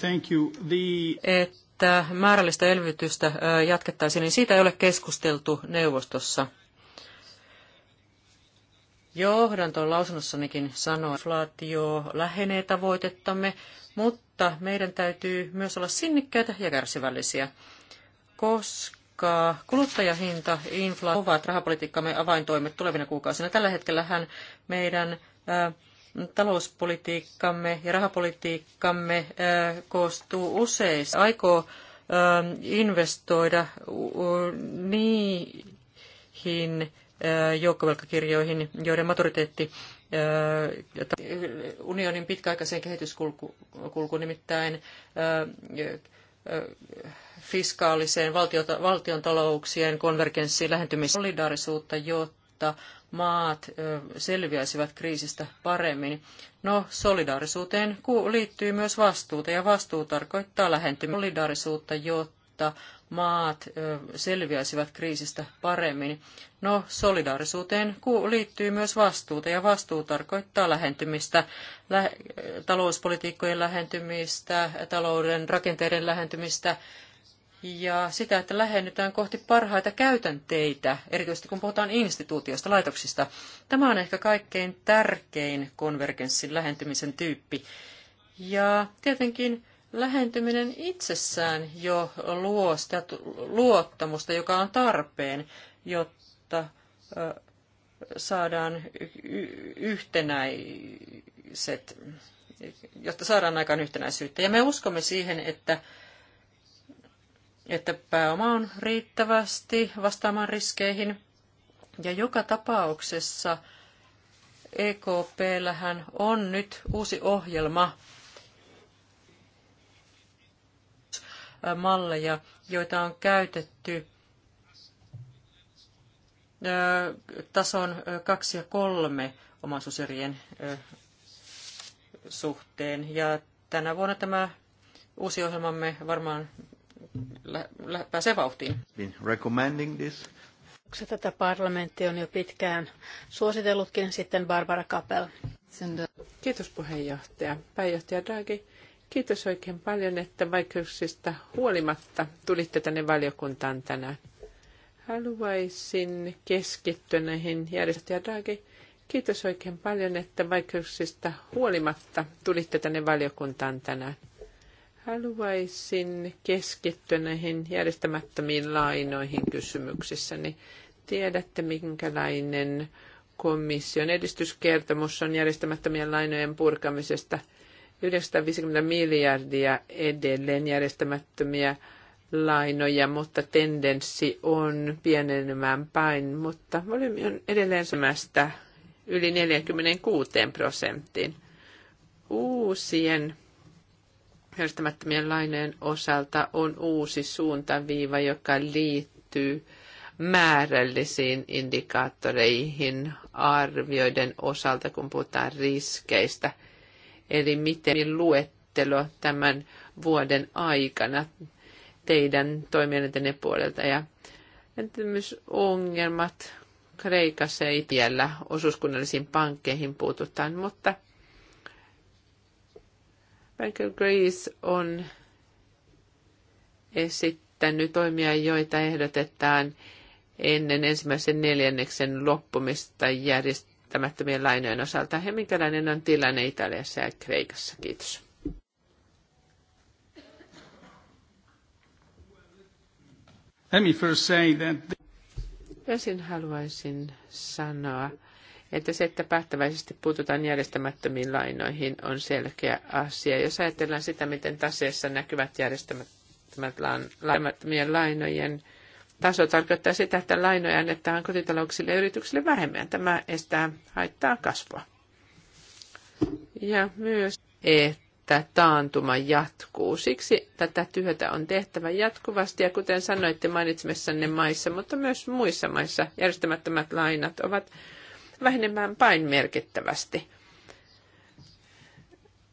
Thank you. The... Että määrällistä elvytystä jatkettaisiin, niin siitä ei ole keskusteltu neuvostossa – Johdanto lausunnossanikin sanoo, että inflaatio lähenee tavoitettamme, mutta meidän täytyy myös olla sinnikkäitä ja kärsivällisiä, koska kuluttajahinta, inflaatio ovat rahapolitiikkamme avaintoimet tulevina kuukausina. Tällä hetkellähän meidän ää, äh, talouspolitiikkamme ja rahapolitiikkamme ää, äh, koostuu useista. Aikoo äh, investoida niihin Äh, joukkovelkakirjoihin, joiden maturiteetti äh, unionin pitkäaikaiseen kehityskulkuun, nimittäin äh, fiskaaliseen valtion talouksien konvergenssiin lähentymis solidaarisuutta, jotta maat selviäisivät kriisistä paremmin. No, solidaarisuuteen liittyy myös vastuuta, ja vastuu tarkoittaa lähentymistä solidaarisuutta, jotta maat selviäisivät kriisistä paremmin. No, solidaarisuuteen liittyy myös vastuuta, ja vastuu tarkoittaa lähentymistä, lä- talouspolitiikkojen lähentymistä, talouden rakenteiden lähentymistä, ja sitä, että lähennytään kohti parhaita käytänteitä, erityisesti kun puhutaan instituutioista, laitoksista. Tämä on ehkä kaikkein tärkein konvergenssin lähentymisen tyyppi. Ja tietenkin lähentyminen itsessään jo luo sitä luottamusta, joka on tarpeen, jotta saadaan yhtenäiset, jotta saadaan aikaan yhtenäisyyttä. Ja me uskomme siihen, että, että pääoma on riittävästi vastaamaan riskeihin. Ja joka tapauksessa EKP on nyt uusi ohjelma, malleja, joita on käytetty tason 2 ja 3 omaisuuserien suhteen. Ja tänä vuonna tämä uusi ohjelmamme varmaan pääsee vauhtiin. Tätä parlamentti on jo pitkään suositellutkin sitten Barbara Kapel. Kiitos puheenjohtaja. Pääjohtaja Draghi Kiitos oikein paljon, että vaikeuksista huolimatta tulitte tänne valiokuntaan tänään. Haluaisin keskittyä näihin järjestöjä Draghi. Kiitos oikein paljon, että vaikeuksista huolimatta tulitte tänne valiokuntaan tänään. Haluaisin keskittyä näihin järjestämättömiin lainoihin kysymyksissäni. Tiedätte, minkälainen komission edistyskertomus on järjestämättömien lainojen purkamisesta – 950 miljardia edelleen järjestämättömiä lainoja, mutta tendenssi on pienenemään päin, mutta volyymi on edelleen semästä yli 46 prosenttiin. Uusien järjestämättömien lainojen osalta on uusi suuntaviiva, joka liittyy määrällisiin indikaattoreihin arvioiden osalta, kun puhutaan riskeistä – eli miten luettelo tämän vuoden aikana teidän toimielintenne puolelta. Ja myös ongelmat Kreikassa ei vielä osuuskunnallisiin pankkeihin puututaan, mutta Bank of Greece on esittänyt toimia, joita ehdotetaan ennen ensimmäisen neljänneksen loppumista järjest- välttämättömien lainojen osalta ja minkälainen on tilanne Italiassa ja Kreikassa. Kiitos. Ensin haluaisin sanoa, että se, että päättäväisesti puututaan järjestämättömiin lainoihin, on selkeä asia. Jos ajatellaan sitä, miten taseessa näkyvät järjestämättömien lainojen taso tarkoittaa sitä, että lainoja annetaan kotitalouksille ja yrityksille vähemmän. Tämä estää haittaa kasvua. Ja myös, että taantuma jatkuu. Siksi tätä työtä on tehtävä jatkuvasti ja kuten sanoitte mainitsemissanne maissa, mutta myös muissa maissa järjestämättömät lainat ovat vähenemään pain merkittävästi.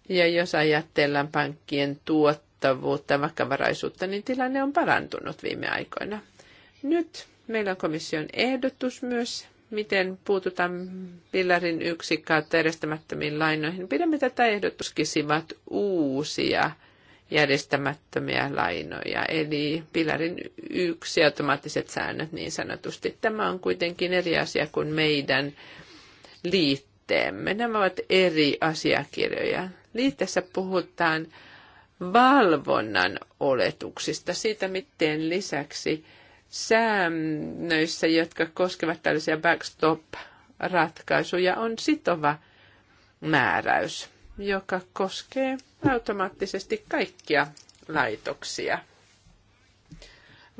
Ja jos ajatellaan pankkien tuottavuutta ja vakavaraisuutta, niin tilanne on parantunut viime aikoina. Nyt meillä on komission ehdotus myös, miten puututaan Pillarin yksi kautta järjestämättömiin lainoihin. Pidämme tätä ehdotuskisivat uusia järjestämättömiä lainoja, eli pilarin yksi automaattiset säännöt niin sanotusti. Tämä on kuitenkin eri asia kuin meidän liitteemme. Nämä ovat eri asiakirjoja. Liitteessä puhutaan valvonnan oletuksista, siitä miten lisäksi säännöissä, jotka koskevat tällaisia backstop-ratkaisuja, on sitova määräys, joka koskee automaattisesti kaikkia laitoksia.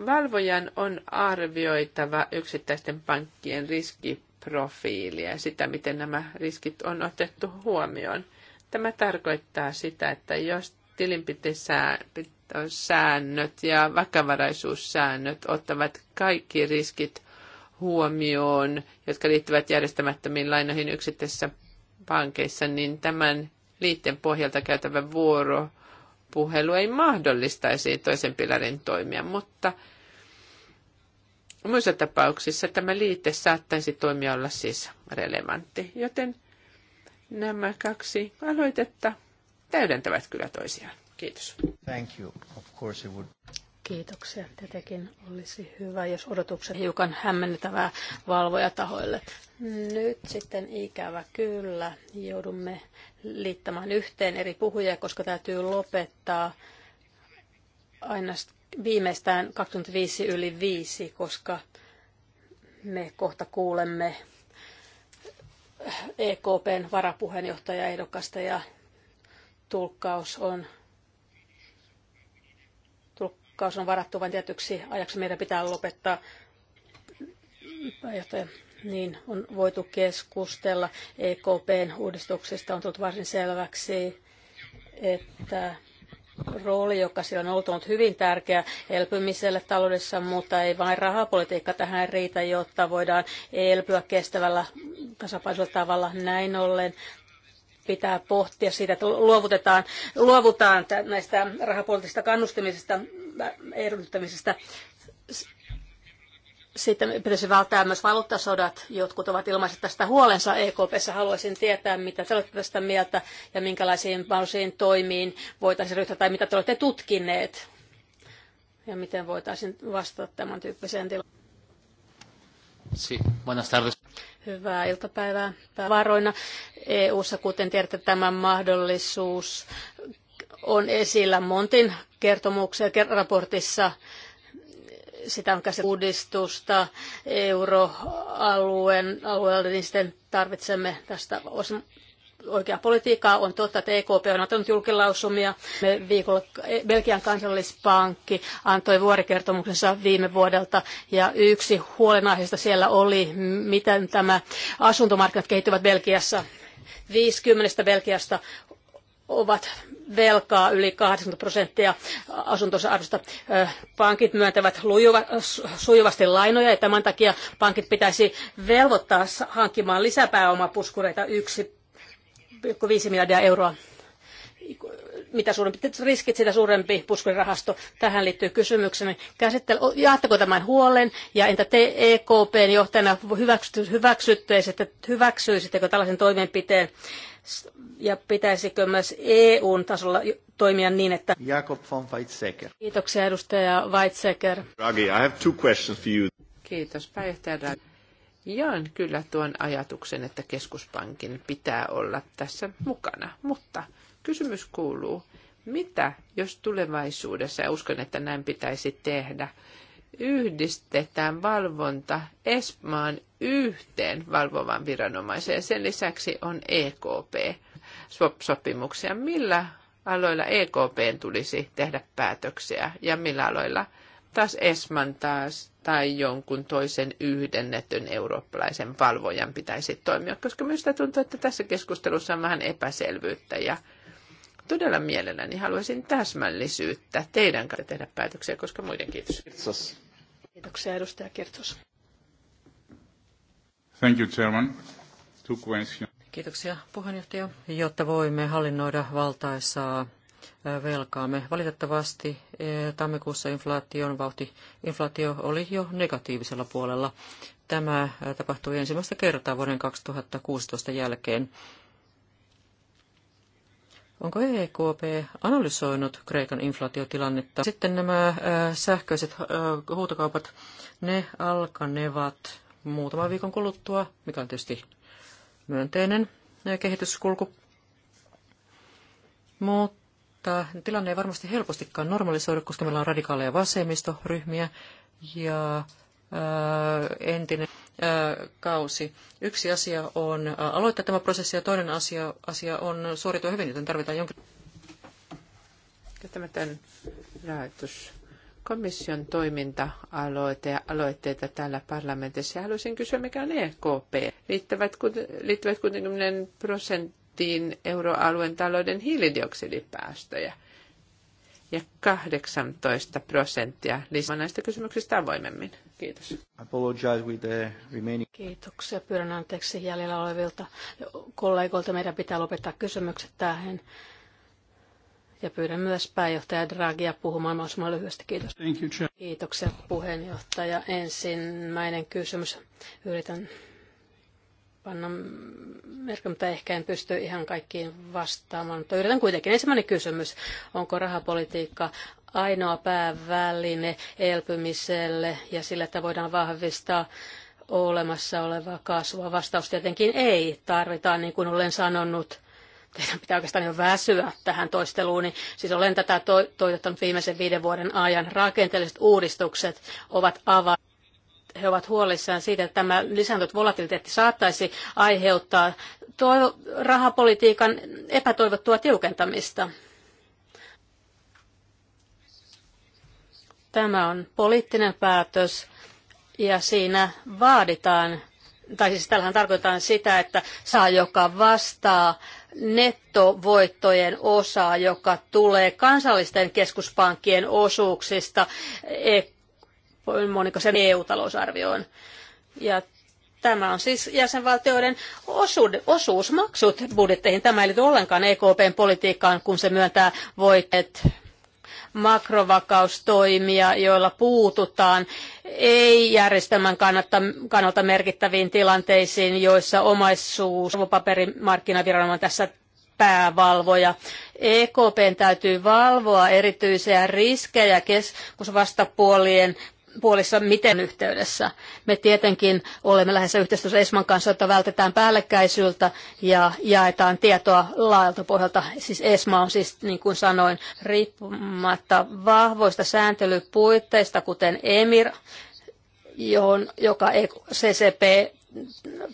Valvojan on arvioitava yksittäisten pankkien riskiprofiilia ja sitä, miten nämä riskit on otettu huomioon. Tämä tarkoittaa sitä, että jos tilinpitosäännöt säännöt ja vakavaraisuussäännöt ottavat kaikki riskit huomioon, jotka liittyvät järjestämättömiin lainoihin yksittäisissä pankeissa, niin tämän liitteen pohjalta käytävä vuoropuhelu ei mahdollistaisi toisen pilarin toimia, mutta muissa tapauksissa tämä liite saattaisi toimia olla siis relevantti, joten nämä kaksi aloitetta täydentävät kyllä toisiaan. Kiitos. Thank you. Of course it would... Kiitoksia. Tietenkin olisi hyvä, jos odotukset hiukan hämmentävää valvojatahoille. Nyt sitten ikävä kyllä joudumme liittämään yhteen eri puhujia, koska täytyy lopettaa aina viimeistään 25 yli 5, koska me kohta kuulemme EKPn varapuheenjohtajaehdokasta ja tulkkaus on kaus on varattu vain tietyksi ajaksi. Meidän pitää lopettaa, joten niin on voitu keskustella. EKPn uudistuksesta on tullut varsin selväksi, että rooli, joka sillä on ollut, on ollut hyvin tärkeä elpymiselle taloudessa, mutta ei vain rahapolitiikka tähän riitä, jotta voidaan elpyä kestävällä tasapainoisella tavalla. Näin ollen pitää pohtia siitä, että luovutetaan, luovutaan näistä rahapoliittisista kannustimisista ehdottamisesta. Sitten pitäisi välttää myös valuuttasodat. Jotkut ovat ilmaiset tästä huolensa EKPssä. Haluaisin tietää, mitä te olette tästä mieltä ja minkälaisiin mahdollisiin toimiin voitaisiin ryhtyä tai mitä te olette tutkineet ja miten voitaisiin vastata tämän tyyppiseen tilanteeseen. Si, buenas tardes. Hyvää iltapäivää varoina. EU-ssa, kuten tiedätte, tämä mahdollisuus on esillä Montin kertomuksessa raportissa. Sitä on käsitelty uudistusta euroalueen alueella, niin sitten tarvitsemme tästä oikeaa politiikkaa. On totta, että EKP on antanut julkilausumia. Me viikolla e- Belgian kansallispankki antoi vuorikertomuksensa viime vuodelta ja yksi huolenaiheista siellä oli, miten tämä asuntomarkkinat kehittyvät Belgiassa. 50 Belgiasta ovat velkaa yli 80 prosenttia asuntonsa arvosta. Pankit myöntävät lujuva, sujuvasti lainoja ja tämän takia pankit pitäisi velvoittaa hankkimaan lisäpääomapuskureita 1,5 miljardia euroa mitä suurempi riskit, sitä suurempi puskurirahasto. Tähän liittyy kysymykseni. Käsittel, jaatteko tämän huolen ja entä te EKPn johtajana hyväksyisittekö tällaisen toimenpiteen ja pitäisikö myös EUn tasolla toimia niin, että... Jakob von Weizsäcker. Kiitoksia edustaja Weizsäcker. Ragi, I have two questions for you. Kiitos pääjohtaja Draghi. Jaan kyllä tuon ajatuksen, että keskuspankin pitää olla tässä mukana, mutta Kysymys kuuluu, mitä jos tulevaisuudessa, ja uskon, että näin pitäisi tehdä, yhdistetään valvonta Esmaan yhteen valvovan viranomaiseen. Sen lisäksi on EKP sopimuksia. Millä aloilla EKP tulisi tehdä päätöksiä ja millä aloilla taas Esman taas tai jonkun toisen yhdennetyn eurooppalaisen valvojan pitäisi toimia, koska minusta tuntuu, että tässä keskustelussa on vähän epäselvyyttä ja todella mielelläni haluaisin täsmällisyyttä teidän kanssa tehdä päätöksiä, koska muiden kiitos. Kiitos. Kiitoksia edustaja Kirtsos. Thank you, Chairman. Two questions. Kiitoksia puheenjohtaja. Jotta voimme hallinnoida valtaisaa velkaamme. Valitettavasti tammikuussa inflaation vauhti, inflaatio oli jo negatiivisella puolella. Tämä tapahtui ensimmäistä kertaa vuoden 2016 jälkeen. Onko EKP analysoinut Kreikan inflaatiotilannetta? Sitten nämä äh, sähköiset äh, huutokaupat, ne alkanevat muutaman viikon kuluttua, mikä on tietysti myönteinen äh, kehityskulku. Mutta tilanne ei varmasti helpostikaan normalisoidu, koska meillä on radikaaleja vasemmistoryhmiä ja entinen kausi. Yksi asia on aloittaa tämä prosessi ja toinen asia, asia on suoritua hyvin, joten tarvitaan jonkin... Tämätön rahoitus. Komission toiminta-aloite ja aloitteita täällä parlamentissa. Haluaisin kysyä, mikä on EKP? Liittyvät, liittyvät 60 prosenttiin euroalueen talouden hiilidioksidipäästöjä ja 18 prosenttia lisää näistä kysymyksistä avoimemmin. Kiitos. Kiitoksia. Pyydän anteeksi jäljellä olevilta kollegoilta. Meidän pitää lopettaa kysymykset tähän. Ja pyydän myös pääjohtaja Dragia puhumaan mahdollisimman lyhyesti. Kiitos. Thank you, Kiitoksia puheenjohtaja. Ensimmäinen kysymys. Yritän panna merkki, mutta ehkä en pysty ihan kaikkiin vastaamaan. Mutta yritän kuitenkin. Ensimmäinen kysymys, onko rahapolitiikka ainoa pääväline elpymiselle ja sillä, että voidaan vahvistaa olemassa olevaa kasvua? Vastaus tietenkin ei. Tarvitaan, niin kuin olen sanonut, teidän pitää oikeastaan jo väsyä tähän toisteluun, niin siis olen tätä to- toivottanut viimeisen viiden vuoden ajan. Rakenteelliset uudistukset ovat avain he ovat huolissaan siitä, että tämä lisääntynyt volatiliteetti saattaisi aiheuttaa toivo, rahapolitiikan epätoivottua tiukentamista. Tämä on poliittinen päätös ja siinä vaaditaan, tai siis tällähän tarkoitetaan sitä, että saa joka vastaa nettovoittojen osaa, joka tulee kansallisten keskuspankkien osuuksista moniko sen EU-talousarvioon. Ja tämä on siis jäsenvaltioiden osuud, osuusmaksut budjetteihin. Tämä ei liity ollenkaan EKPn politiikkaan, kun se myöntää voitet makrovakaustoimia, joilla puututaan ei järjestelmän kannalta merkittäviin tilanteisiin, joissa omaisuus, paperimarkkinaviranomainen tässä päävalvoja. EKPn täytyy valvoa erityisiä riskejä keskusvastapuolien puolissa miten yhteydessä. Me tietenkin olemme lähes yhteistyössä Esman kanssa, että vältetään päällekkäisyyttä ja jaetaan tietoa laajalta pohjalta. Siis Esma on siis, niin kuin sanoin, riippumatta vahvoista sääntelypuitteista, kuten EMIR, johon, joka e- CCP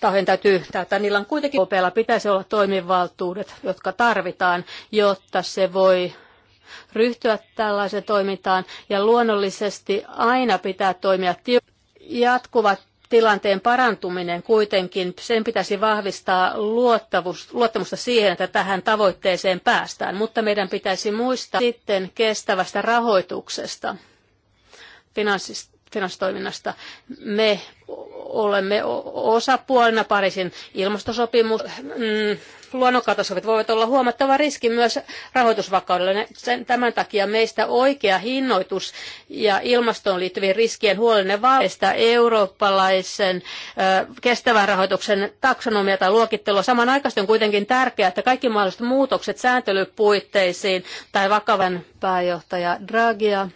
tahojen täytyy täyttää. Niillä on kuitenkin OPlla pitäisi olla toimivaltuudet, jotka tarvitaan, jotta se voi ryhtyä tällaiseen toimintaan ja luonnollisesti aina pitää toimia jatkuvat tilanteen parantuminen kuitenkin, sen pitäisi vahvistaa luottamusta siihen, että tähän tavoitteeseen päästään, mutta meidän pitäisi muistaa sitten kestävästä rahoituksesta, finanssitoiminnasta. Me olemme osapuolena Pariisin ilmastosopimus, mm, luonnonkatastrofit voivat olla huomattava riski myös rahoitusvakaudelle. Sen, tämän takia meistä oikea hinnoitus ja ilmastoon liittyvien riskien huolellinen valista eurooppalaisen kestävän rahoituksen taksonomia tai luokittelua. Samanaikaisesti on kuitenkin tärkeää, että kaikki mahdolliset muutokset sääntelypuitteisiin tai vakavan pääjohtaja Draghia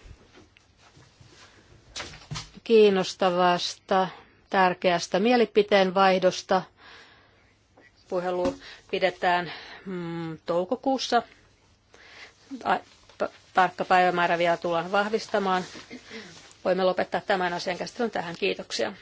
kiinnostavasta, tärkeästä mielipiteen vaihdosta vuoropuhelu pidetään mm, toukokuussa. Tarkka päivämäärä vielä tullaan vahvistamaan. Voimme lopettaa tämän asian käsittelyn tähän. Kiitoksia.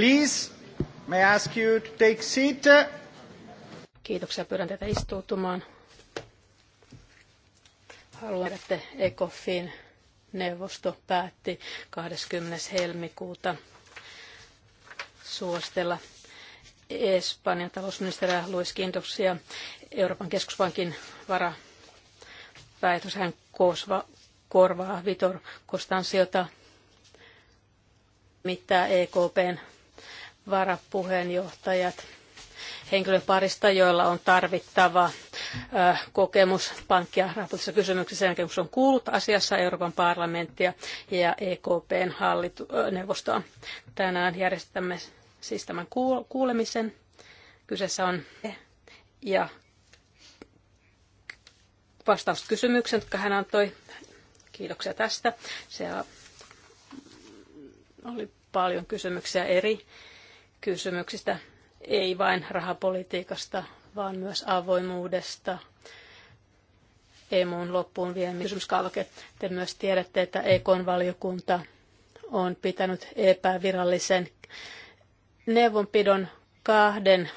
Please, may I ask you to take seat? Kiitoksia, pyydän teitä istuutumaan. Haluan, että ECOFIN neuvosto päätti 20. helmikuuta suostella Espanjan talousministeriä Luis Kintosia Euroopan keskuspankin varapäätös. Hän koosva, korvaa Vitor Kostansiota, mitä EKPn varapuheenjohtajat henkilöparista, joilla on tarvittava kokemus pankki- ja rahoitusissa kysymyksissä, jälkeen kun se on kuullut asiassa Euroopan parlamenttia ja EKPn hallitu- neuvostoa. Tänään järjestämme siis tämän kuulemisen. Kyseessä on ja vastaukset kysymyksiin, jotka hän antoi. Kiitoksia tästä. Se oli paljon kysymyksiä eri kysymyksistä, ei vain rahapolitiikasta, vaan myös avoimuudesta, EMUn loppuun vieminen. Kysymyskaavake, te myös tiedätte, että EKn valiokunta on pitänyt epävirallisen neuvonpidon kahden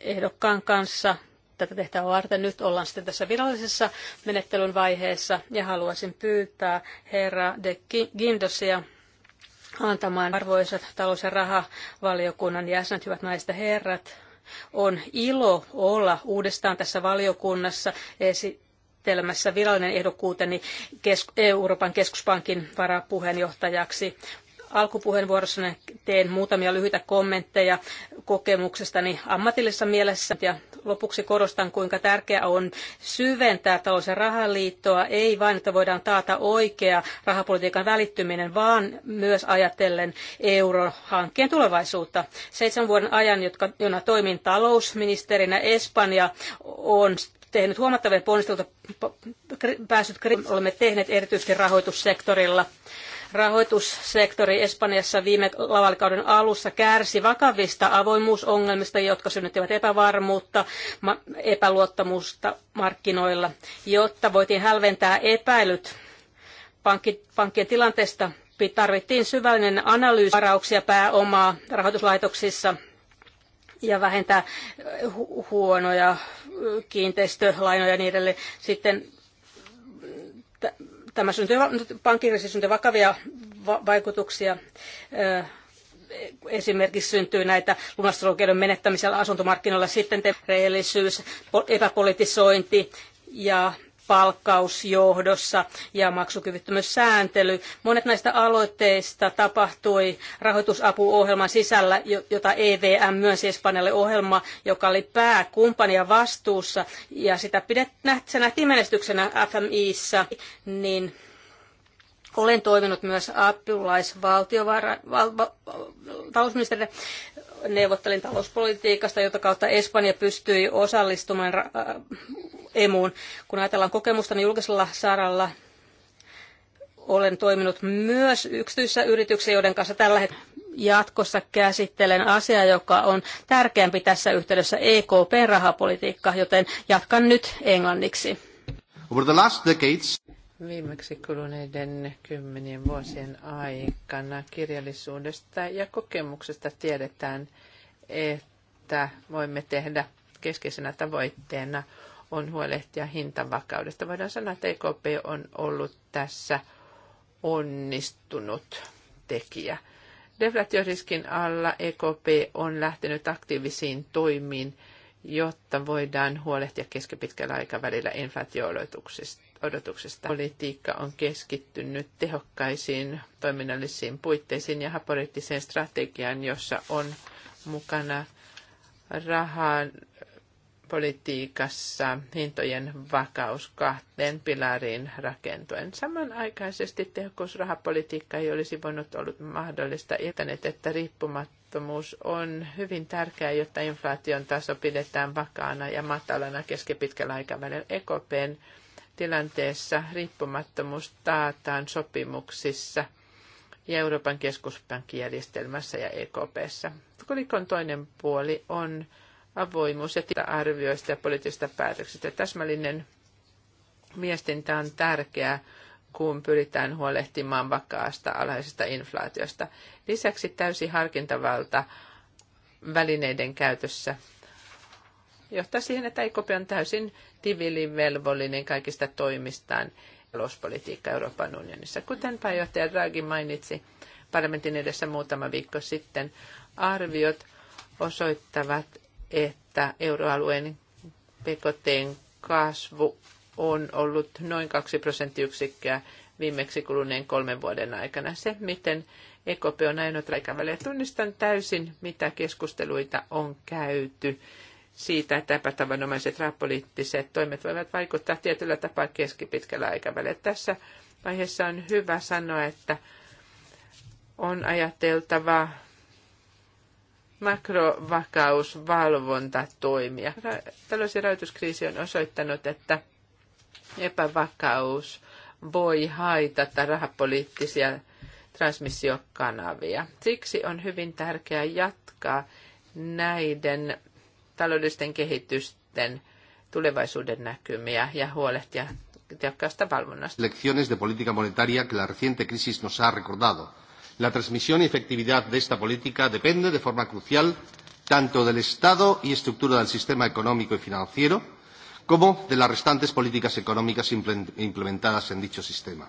ehdokkaan kanssa tätä tehtävää varten. Nyt ollaan sitten tässä virallisessa menettelyn vaiheessa ja haluaisin pyytää herra de Gindosia antamaan arvoisat talous- ja rahavaliokunnan jäsenet, hyvät naiset ja herrat. On ilo olla uudestaan tässä valiokunnassa esittelemässä virallinen ehdokkuuteni Euroopan keskuspankin varapuheenjohtajaksi alkupuheenvuorossani teen muutamia lyhyitä kommentteja kokemuksestani ammatillisessa mielessä ja lopuksi korostan, kuinka tärkeää on syventää talous- ja rahaliittoa, ei vain, että voidaan taata oikea rahapolitiikan välittyminen, vaan myös ajatellen eurohankkeen tulevaisuutta. Seitsemän vuoden ajan, jotka, jona toimin talousministerinä, Espanja on tehnyt huomattavia ponnisteluita, päässyt, olemme tehneet erityisesti rahoitussektorilla. Rahoitussektori Espanjassa viime lavallikauden alussa kärsi vakavista avoimuusongelmista, jotka synnyttivät epävarmuutta, epäluottamusta markkinoilla. Jotta voitiin hälventää epäilyt pankkien tilanteesta, tarvittiin syvällinen analyysi varauksia pääomaa rahoituslaitoksissa ja vähentää hu- huonoja kiinteistölainoja ja niin edelleen. Sitten t- Tämä pankkikriisi syntyy vakavia vaikutuksia esimerkiksi syntyy näitä lunastusoikeuden menettämisellä asuntomarkkinoilla, sitten rehellisyys, epäpolitisointi ja palkkausjohdossa ja maksukyvyttömyyssääntely. Monet näistä aloitteista tapahtui rahoitusapuohjelman sisällä, jota EVM myönsi Espanjalle ohjelma, joka oli pääkumppania vastuussa ja sitä pidet, se nähtiin menestyksenä FMIssä, niin olen toiminut myös apulaisvaltiovarainministerinä. Neuvottelin talouspolitiikasta, jota kautta Espanja pystyi osallistumaan emuun. Kun ajatellaan kokemusta, niin julkisella saralla olen toiminut myös yksityisissä yrityksissä, joiden kanssa tällä hetkellä jatkossa käsittelen asiaa, joka on tärkeämpi tässä yhteydessä EKPn rahapolitiikka, joten jatkan nyt englanniksi. Over the last decades... Viimeksi kuluneiden kymmenien vuosien aikana kirjallisuudesta ja kokemuksesta tiedetään, että voimme tehdä keskeisenä tavoitteena – on huolehtia hintavakaudesta. Voidaan sanoa, että EKP on ollut tässä onnistunut tekijä. Deflatioriskin alla EKP on lähtenyt aktiivisiin toimiin, jotta voidaan huolehtia keskipitkällä aikavälillä inflaatio-odotuksista. Politiikka on keskittynyt tehokkaisiin toiminnallisiin puitteisiin ja hapoliittiseen strategiaan, jossa on mukana rahan politiikassa hintojen vakaus kahteen pilariin rakentuen. Samanaikaisesti tehokkuusrahapolitiikka ei olisi voinut ollut mahdollista iltanet, että riippumattomuus on hyvin tärkeää, jotta inflaation taso pidetään vakaana ja matalana keskipitkällä aikavälillä EKPn tilanteessa riippumattomuus taataan sopimuksissa ja Euroopan keskuspankkijärjestelmässä ja EKPssä. Kolikon toinen puoli on avoimuus ja arvioista ja poliittisista päätöksistä. Täsmällinen viestintä on tärkeää, kun pyritään huolehtimaan vakaasta alhaisesta inflaatiosta. Lisäksi täysi harkintavalta välineiden käytössä johtaa siihen, että EKP on täysin tivilin velvollinen kaikista toimistaan talouspolitiikka Euroopan unionissa. Kuten pääjohtaja Draghi mainitsi parlamentin edessä muutama viikko sitten, arviot osoittavat, että euroalueen PKTn kasvu on ollut noin 2 prosenttiyksikköä viimeksi kuluneen kolmen vuoden aikana. Se, miten EKP on ainut aikavälillä. Tunnistan täysin, mitä keskusteluita on käyty siitä, että epätavanomaiset rahapoliittiset toimet voivat vaikuttaa tietyllä tapaa keskipitkällä aikavälillä. Tässä vaiheessa on hyvä sanoa, että on ajateltava makrovakausvalvontatoimia. Tällaisen rahoituskriisi on osoittanut, että epävakaus voi haitata rahapoliittisia transmissiokanavia. Siksi on hyvin tärkeää jatkaa näiden taloudellisten kehitysten tulevaisuuden näkymiä ja huolehtia tehokkaasta valvonnasta. Lecciones de política monetaria que la reciente crisis nos ha recordado La transmisión y efectividad de esta política depende de forma crucial tanto del estado y estructura del sistema económico y financiero como de las restantes políticas económicas implementadas en dicho sistema.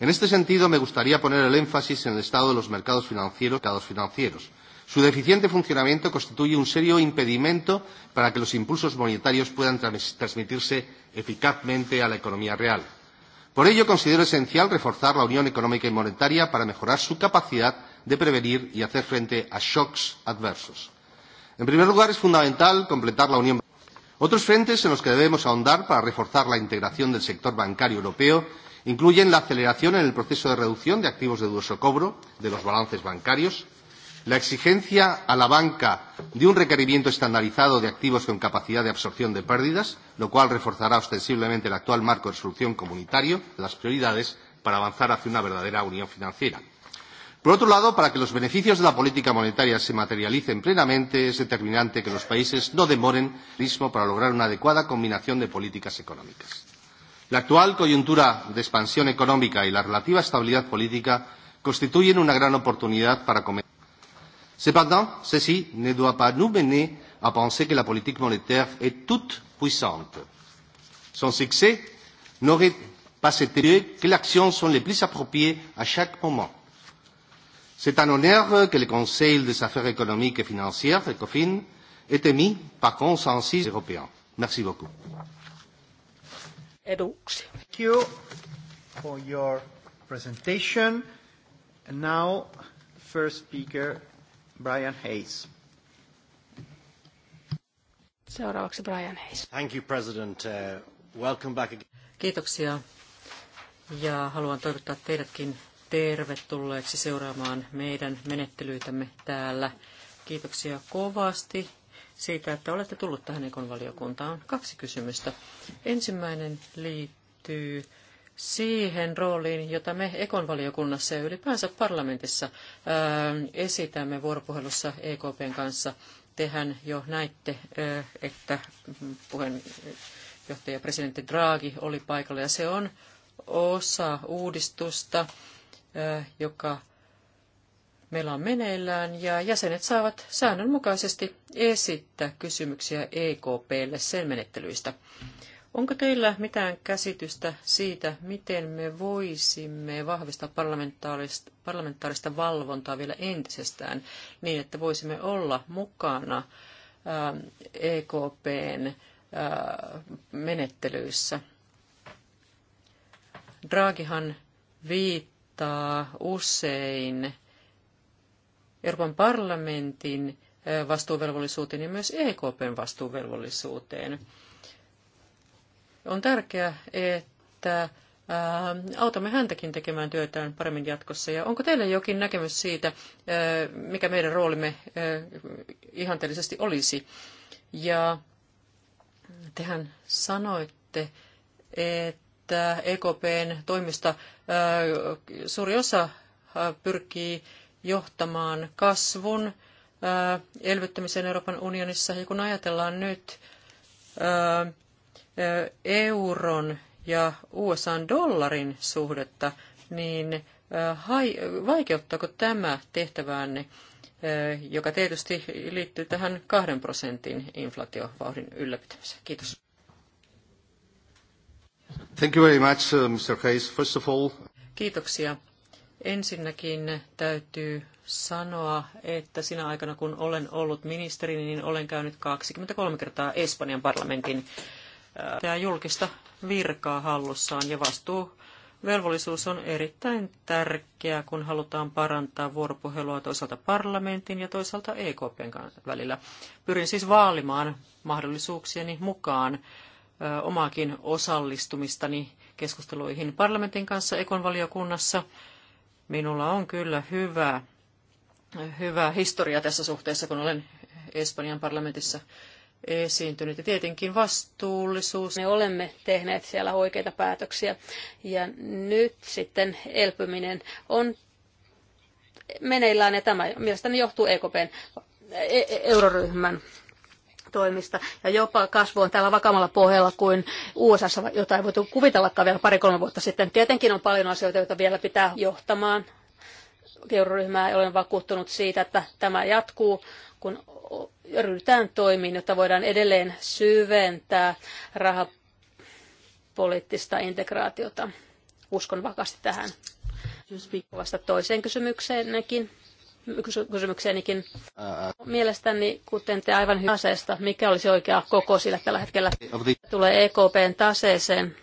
En este sentido, me gustaría poner el énfasis en el estado de los mercados financieros, mercados financieros. Su deficiente funcionamiento constituye un serio impedimento para que los impulsos monetarios puedan transmitirse eficazmente a la economía real. Por ello, considero esencial reforzar la Unión Económica y Monetaria para mejorar su capacidad de prevenir y hacer frente a shocks adversos. En primer lugar, es fundamental completar la Unión. Otros frentes en los que debemos ahondar para reforzar la integración del sector bancario europeo incluyen la aceleración en el proceso de reducción de activos de dudoso cobro de los balances bancarios, La exigencia a la banca de un requerimiento estandarizado de activos con capacidad de absorción de pérdidas, lo cual reforzará ostensiblemente el actual marco de resolución comunitario, las prioridades para avanzar hacia una verdadera unión financiera. Por otro lado, para que los beneficios de la política monetaria se materialicen plenamente, es determinante que los países no demoren el mismo para lograr una adecuada combinación de políticas económicas. La actual coyuntura de expansión económica y la relativa estabilidad política constituyen una gran oportunidad para comenzar Cependant, ceci ne doit pas nous mener à penser que la politique monétaire est toute puissante. Son succès n'aurait pas été lieu que l'action sont les plus appropriées à chaque moment. C'est un honneur que le Conseil des affaires économiques et financières, ECOFIN, ait émis par consensus européen. Merci beaucoup. Thank you for your presentation. And now, first speaker Brian Hayes. Seuraavaksi Brian Hayes. Thank you, President. Uh, welcome back again. Kiitoksia ja haluan toivottaa teidätkin tervetulleeksi seuraamaan meidän menettelyitämme täällä. Kiitoksia kovasti siitä, että olette tullut tähän ekonvaliokuntaan. Kaksi kysymystä. Ensimmäinen liittyy siihen rooliin, jota me ekonvaliokunnassa ja ylipäänsä parlamentissa esitämme vuoropuhelussa EKPn kanssa. Tehän jo näitte, että puheenjohtaja presidentti Draghi oli paikalla ja se on osa uudistusta, joka meillä on meneillään ja jäsenet saavat säännönmukaisesti esittää kysymyksiä EKPlle sen menettelyistä. Onko teillä mitään käsitystä siitä, miten me voisimme vahvistaa parlamentaarista, parlamentaarista valvontaa vielä entisestään niin, että voisimme olla mukana EKPn menettelyissä? Draghihan viittaa usein Euroopan parlamentin vastuuvelvollisuuteen ja myös EKPn vastuuvelvollisuuteen. On tärkeää, että äh, autamme häntäkin tekemään työtään paremmin jatkossa. Ja onko teillä jokin näkemys siitä, äh, mikä meidän roolimme äh, ihanteellisesti olisi? Ja tehän sanoitte, että EKPn toimista suuri osa pyrkii johtamaan kasvun elvyttämiseen Euroopan unionissa. Ja kun ajatellaan nyt euron ja USAn dollarin suhdetta, niin vaikeuttaako tämä tehtäväänne, joka tietysti liittyy tähän kahden prosentin inflaatiovauhdin ylläpitämiseen? Kiitos. Thank you very much, uh, Mr. Hayes. First of all... Kiitoksia. Ensinnäkin täytyy sanoa, että sinä aikana kun olen ollut ministeri, niin olen käynyt 23 kertaa Espanjan parlamentin tämä julkista virkaa hallussaan ja vastuu Velvollisuus on erittäin tärkeä, kun halutaan parantaa vuoropuhelua toisaalta parlamentin ja toisaalta EKPn välillä. Pyrin siis vaalimaan mahdollisuuksieni mukaan ö, omaakin osallistumistani keskusteluihin parlamentin kanssa Ekon valiokunnassa. Minulla on kyllä hyvä, hyvä historia tässä suhteessa, kun olen Espanjan parlamentissa esiintynyt. Ja tietenkin vastuullisuus. Me olemme tehneet siellä oikeita päätöksiä. Ja nyt sitten elpyminen on meneillään ja tämä mielestäni johtuu EKPn e-, e-, euroryhmän toimista. Ja jopa kasvu on täällä vakamalla pohjalla kuin USA, jota ei voitu kuvitellakaan vielä pari-kolme vuotta sitten. Tietenkin on paljon asioita, joita vielä pitää johtamaan. Euroryhmää olen vakuuttunut siitä, että tämä jatkuu kun ryhdytään toimiin, jotta voidaan edelleen syventää rahapoliittista integraatiota. Uskon vakaasti tähän. Vasta toiseen kysymykseenkin kysymykseenikin. Mielestäni, kuten te aivan hyvin aseesta, mikä olisi oikea koko sille tällä hetkellä tulee EKPn taseeseen,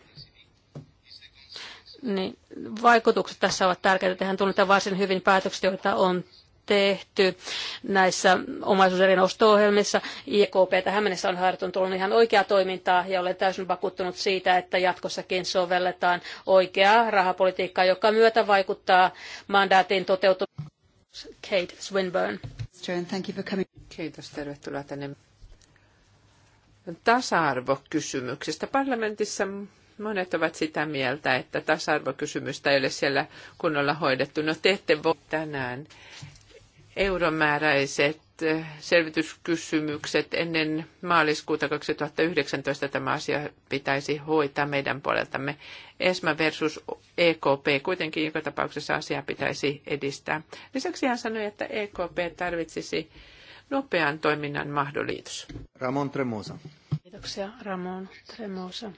niin vaikutukset tässä ovat tärkeitä. Tehän tunnette varsin hyvin päätökset, joita on tehty näissä omaisuuserien osto-ohjelmissa. IKP tähän mennessä on harjoittanut ollut ihan oikeaa toimintaa ja olen täysin vakuuttunut siitä, että jatkossakin sovelletaan oikeaa rahapolitiikkaa, joka myötä vaikuttaa mandaatin toteutumiseen. Kate Swinburne. Thank you for coming. Kiitos, tervetuloa tänne tasa-arvokysymyksestä. Parlamentissa monet ovat sitä mieltä, että tasa-arvokysymystä ei ole siellä kunnolla hoidettu. No te ette voi tänään euromääräiset selvityskysymykset ennen maaliskuuta 2019 tämä asia pitäisi hoitaa meidän puoleltamme. ESMA versus EKP, kuitenkin joka tapauksessa asiaa pitäisi edistää. Lisäksi hän sanoi, että EKP tarvitsisi nopean toiminnan mahdollisuus. Ramon Tremosa. Kiitoksia Ramon Tremosa.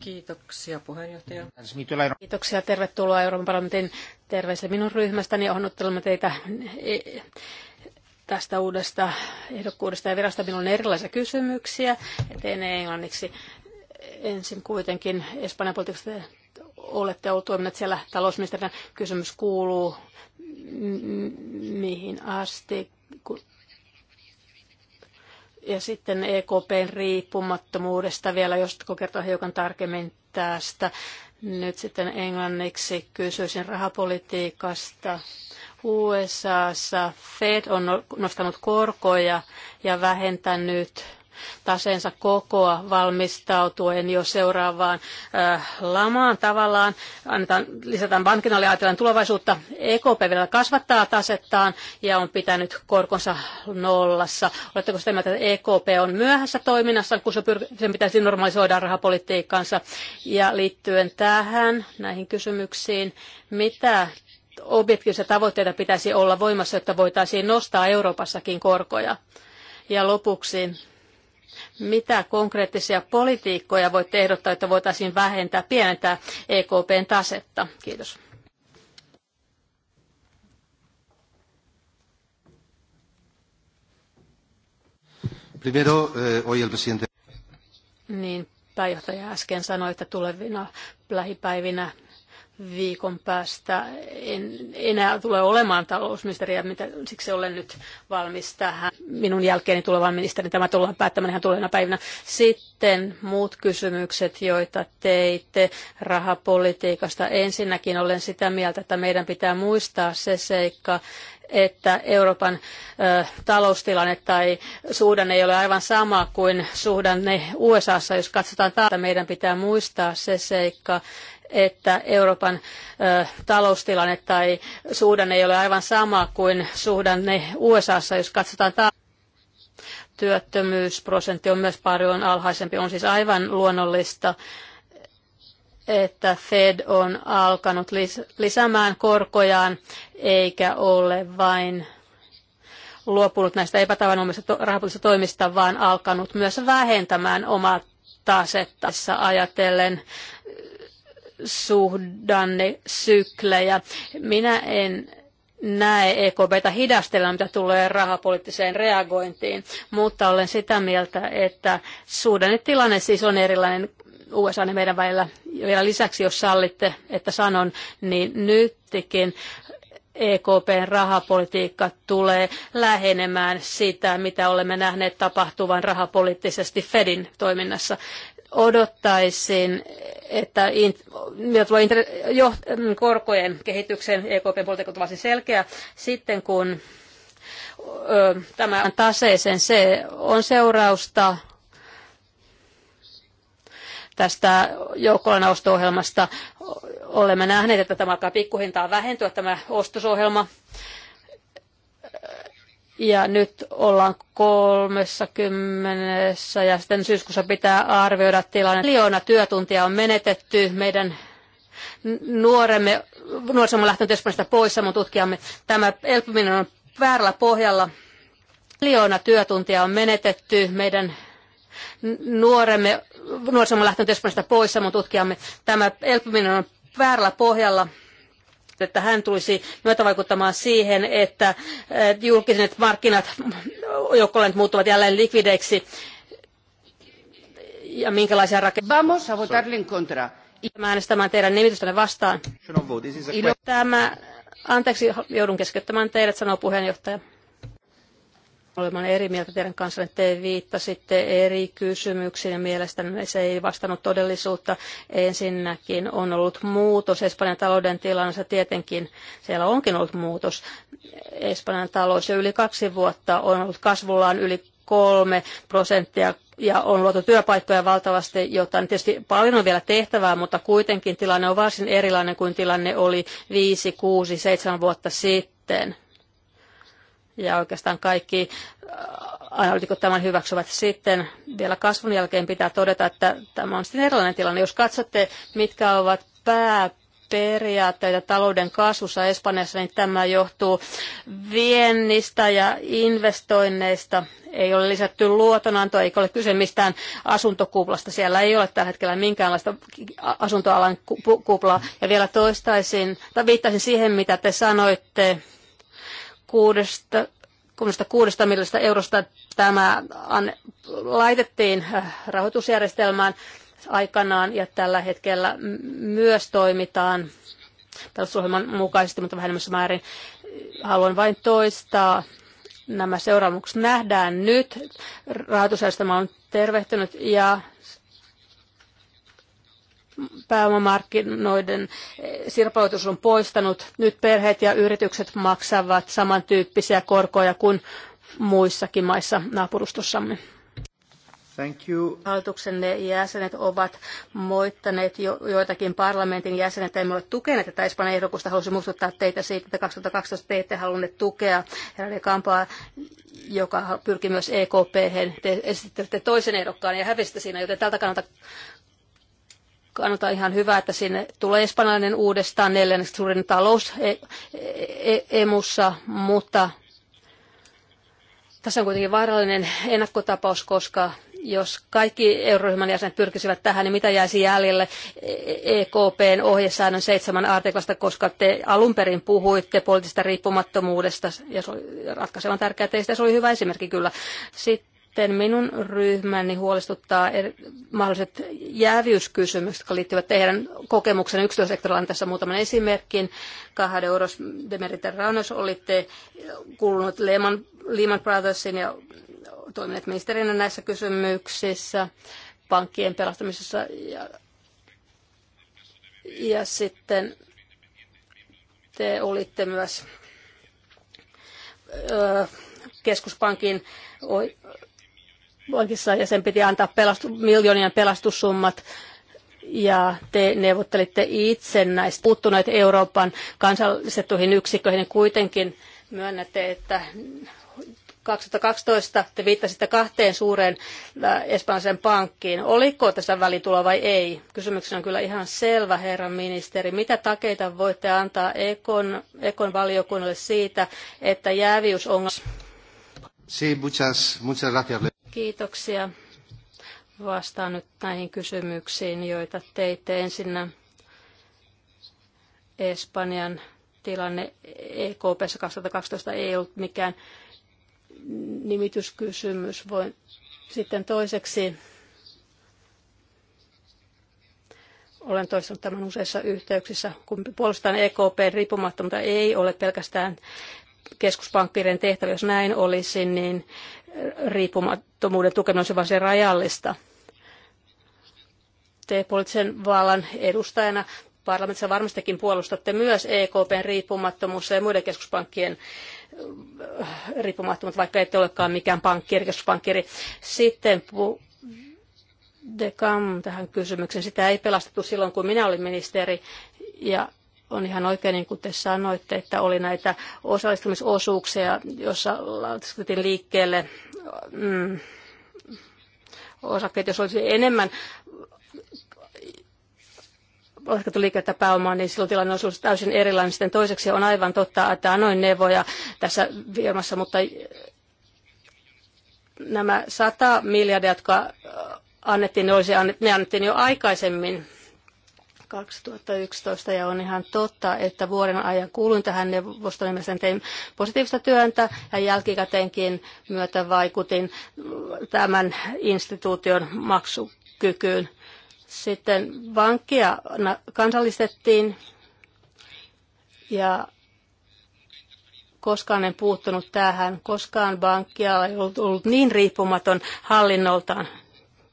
Kiitoksia puheenjohtaja. Kiitoksia tervetuloa Euroopan parlamentin terveisille minun ryhmästäni. Onnittelemme teitä e, tästä uudesta ehdokkuudesta ja virasta. Minulla on erilaisia kysymyksiä. Eteen englanniksi ensin kuitenkin Espanjan politiikasta olette ollut toiminut siellä talousministerinä. Kysymys kuuluu, mihin asti ja sitten EKPn riippumattomuudesta vielä, jos kertoo hiukan tarkemmin tästä. Nyt sitten englanniksi kysyisin rahapolitiikasta. USAssa Fed on nostanut korkoja ja vähentänyt taseensa kokoa valmistautuen jo seuraavaan äh, lamaan tavallaan. Annetaan, lisätään pankkinalle ajatellen tulevaisuutta. EKP vielä kasvattaa tasettaan ja on pitänyt korkonsa nollassa. Oletteko sitä mieltä, että EKP on myöhässä toiminnassa, kun se pyr- sen pitäisi normalisoida rahapolitiikkansa? Ja liittyen tähän, näihin kysymyksiin, mitä objektiivisia tavoitteita pitäisi olla voimassa, jotta voitaisiin nostaa Euroopassakin korkoja. Ja lopuksi mitä konkreettisia politiikkoja voitte ehdottaa, että voitaisiin vähentää, pienentää EKPn tasetta? Kiitos. Primero, eh, hoy el presidente... Niin, pääjohtaja äsken sanoi, että tulevina lähipäivinä viikon päästä en enää tule olemaan talousministeriä, mitä, siksi olen nyt valmis tähän. Minun jälkeeni tulevan ministerin tämä tullaan päättämään ihan tulevina päivinä. Sitten muut kysymykset, joita teitte rahapolitiikasta. Ensinnäkin olen sitä mieltä, että meidän pitää muistaa se seikka, että Euroopan ö, taloustilanne tai suhdanne ei ole aivan sama kuin suhdanne USAssa, jos katsotaan täältä. Meidän pitää muistaa se seikka, että Euroopan taloustilanne tai suhdanne ei ole aivan sama kuin suhdanne USAssa, jos katsotaan taas työttömyysprosentti on myös paljon alhaisempi. On siis aivan luonnollista, että Fed on alkanut lisäämään korkojaan eikä ole vain luopunut näistä epätavanomaisista rahapoliittisista toimista, vaan alkanut myös vähentämään omaa tasettaessa ajatellen suhdannesyklejä. Minä en näe EKP: hidastella, mitä tulee rahapoliittiseen reagointiin, mutta olen sitä mieltä, että suhdannetilanne siis on erilainen USA ja meidän välillä. Vielä lisäksi, jos sallitte, että sanon, niin nytkin EKPn rahapolitiikka tulee lähenemään sitä, mitä olemme nähneet tapahtuvan rahapoliittisesti Fedin toiminnassa odottaisin, että jo, mm, korkojen kehityksen ekp politiikka on varsin siis selkeä. Sitten kun ö, tämä taseeseen se on seurausta tästä joukkolainausto-ohjelmasta. Olemme nähneet, että tämä alkaa pikkuhintaa vähentyä, tämä ostosohjelma ja nyt ollaan 30 ja sitten syyskuussa pitää arvioida tilanne. Miljoona työtuntia on menetetty meidän nuoremme, nuorisomme lähtenyt Espanjasta pois, mutta tutkijamme. Tämä elpyminen on väärällä pohjalla. Miljoona työtuntia on menetetty meidän nuoremme, nuorisomme lähtenyt Espanjasta pois, mutta tutkijamme. Tämä elpyminen on väärällä pohjalla että hän tulisi myötävaikuttamaan siihen, että julkiset markkinat, joukkolennet muuttuvat jälleen likvideiksi ja minkälaisia rakenteita. Vamos Mä äänestämään teidän nimitystänne vastaan. Tämä, anteeksi, joudun keskeyttämään teidät, sanoo puheenjohtaja olemaan eri mieltä teidän kanssanne. Te viittasitte eri kysymyksiin ja mielestäni se ei vastannut todellisuutta. Ensinnäkin on ollut muutos Espanjan talouden tilannassa. Tietenkin siellä onkin ollut muutos. Espanjan talous jo yli kaksi vuotta on ollut kasvullaan yli kolme prosenttia ja on luotu työpaikkoja valtavasti, jota tietysti paljon on vielä tehtävää, mutta kuitenkin tilanne on varsin erilainen kuin tilanne oli viisi, kuusi, seitsemän vuotta sitten ja oikeastaan kaikki äh, analytikot tämän hyväksyvät. Sitten vielä kasvun jälkeen pitää todeta, että tämä on sitten erilainen tilanne. Jos katsotte, mitkä ovat pää periaatteita talouden kasvussa Espanjassa, niin tämä johtuu viennistä ja investoinneista. Ei ole lisätty luotonantoa, eikä ole kyse mistään asuntokuplasta. Siellä ei ole tällä hetkellä minkäänlaista asuntoalan kuplaa. Ja vielä toistaisin, tai viittaisin siihen, mitä te sanoitte kuudesta miljoonasta eurosta tämä laitettiin äh, rahoitusjärjestelmään aikanaan ja tällä hetkellä myös toimitaan perusohjelman mukaisesti, mutta vähemmässä määrin. Haluan vain toistaa, nämä seuraamukset nähdään nyt. Rahoitusjärjestelmä on tervehtynyt ja pääomamarkkinoiden eh, sirpaloitus on poistanut. Nyt perheet ja yritykset maksavat samantyyppisiä korkoja kuin muissakin maissa naapurustossamme. Thank you. Hallituksenne jäsenet ovat moittaneet jo, joitakin parlamentin jäsenet, emme ole tukeneet tätä Espanjan ehdokusta. Haluaisin muistuttaa teitä siitä, että 2012 te ette halunneet tukea herra Kampaa, joka pyrki myös EKP. hen Te esittelette toisen ehdokkaan ja hävisitte siinä, joten tältä kannalta kannalta ihan hyvä, että sinne tulee espanjalainen uudestaan neljänneksi suurin talous e, e, e, emussa, mutta tässä on kuitenkin vaarallinen ennakkotapaus, koska jos kaikki euroryhmän jäsenet pyrkisivät tähän, niin mitä jäisi jäljelle EKPn ohjesäännön seitsemän artiklasta, koska te alun perin puhuitte poliittisesta riippumattomuudesta, ja se oli ratkaisevan tärkeää teistä, se oli hyvä esimerkki kyllä. Sitten sitten minun ryhmäni huolestuttaa eri, mahdolliset jäävyyskysymykset, jotka liittyvät teidän kokemuksen yksityisektorilla. tässä muutaman esimerkin. Kahde euros de Mediterraneos olitte kuulunut Lehman, Lehman Brothersin ja toimineet ministerinä näissä kysymyksissä, pankkien pelastamisessa ja, ja sitten te olitte myös öö, keskuspankin pankissa ja sen piti antaa pelastu, miljoonien pelastussummat ja te neuvottelitte itse näistä puuttuneet Euroopan kansallisettuihin yksiköihin, niin kuitenkin myönnätte, että 2012 te viittasitte kahteen suureen äh, espanjalaiseen pankkiin. Oliko tässä välitulo vai ei? Kysymykseni on kyllä ihan selvä, herra ministeri. Mitä takeita voitte antaa Ekon, Ekon valiokunnalle siitä, että jääviysongelma Sí, muchas, muchas gracias. Kiitoksia. Vastaan nyt näihin kysymyksiin, joita teitte ensinnä Espanjan tilanne EKP 2012 ei ollut mikään nimityskysymys. Voin sitten toiseksi, olen toistanut tämän useissa yhteyksissä, kun puolustan EKP riippumattomuutta, ei ole pelkästään keskuspankkiirien tehtävä, jos näin olisi, niin riippumattomuuden tukeminen olisi varsin rajallista. Te poliittisen vallan edustajana parlamentissa varmastikin puolustatte myös EKPn riippumattomuus ja muiden keskuspankkien äh, riippumattomuus, vaikka ette olekaan mikään pankkiiri, keskuspankkiri. Sitten pu- kam tähän kysymykseen. Sitä ei pelastettu silloin, kun minä olin ministeri, ja on ihan oikein, niin kuin te sanoitte, että oli näitä osallistumisosuuksia, joissa laitettiin liikkeelle mm, osakkeet, jos olisi enemmän laskettu liikettä pääomaan, niin silloin tilanne olisi täysin erilainen. Sitten toiseksi on aivan totta, että annoin neuvoja tässä firmassa, mutta nämä 100 miljardia, jotka annettiin, ne, olisi, ne annettiin jo aikaisemmin 2011 ja on ihan totta, että vuoden ajan kuulun tähän neuvoston nimessä tein positiivista työntä ja jälkikäteenkin myötä vaikutin tämän instituution maksukykyyn. Sitten vankia kansallistettiin ja koskaan en puuttunut tähän. Koskaan pankkia ei ollut, ollut niin riippumaton hallinnoltaan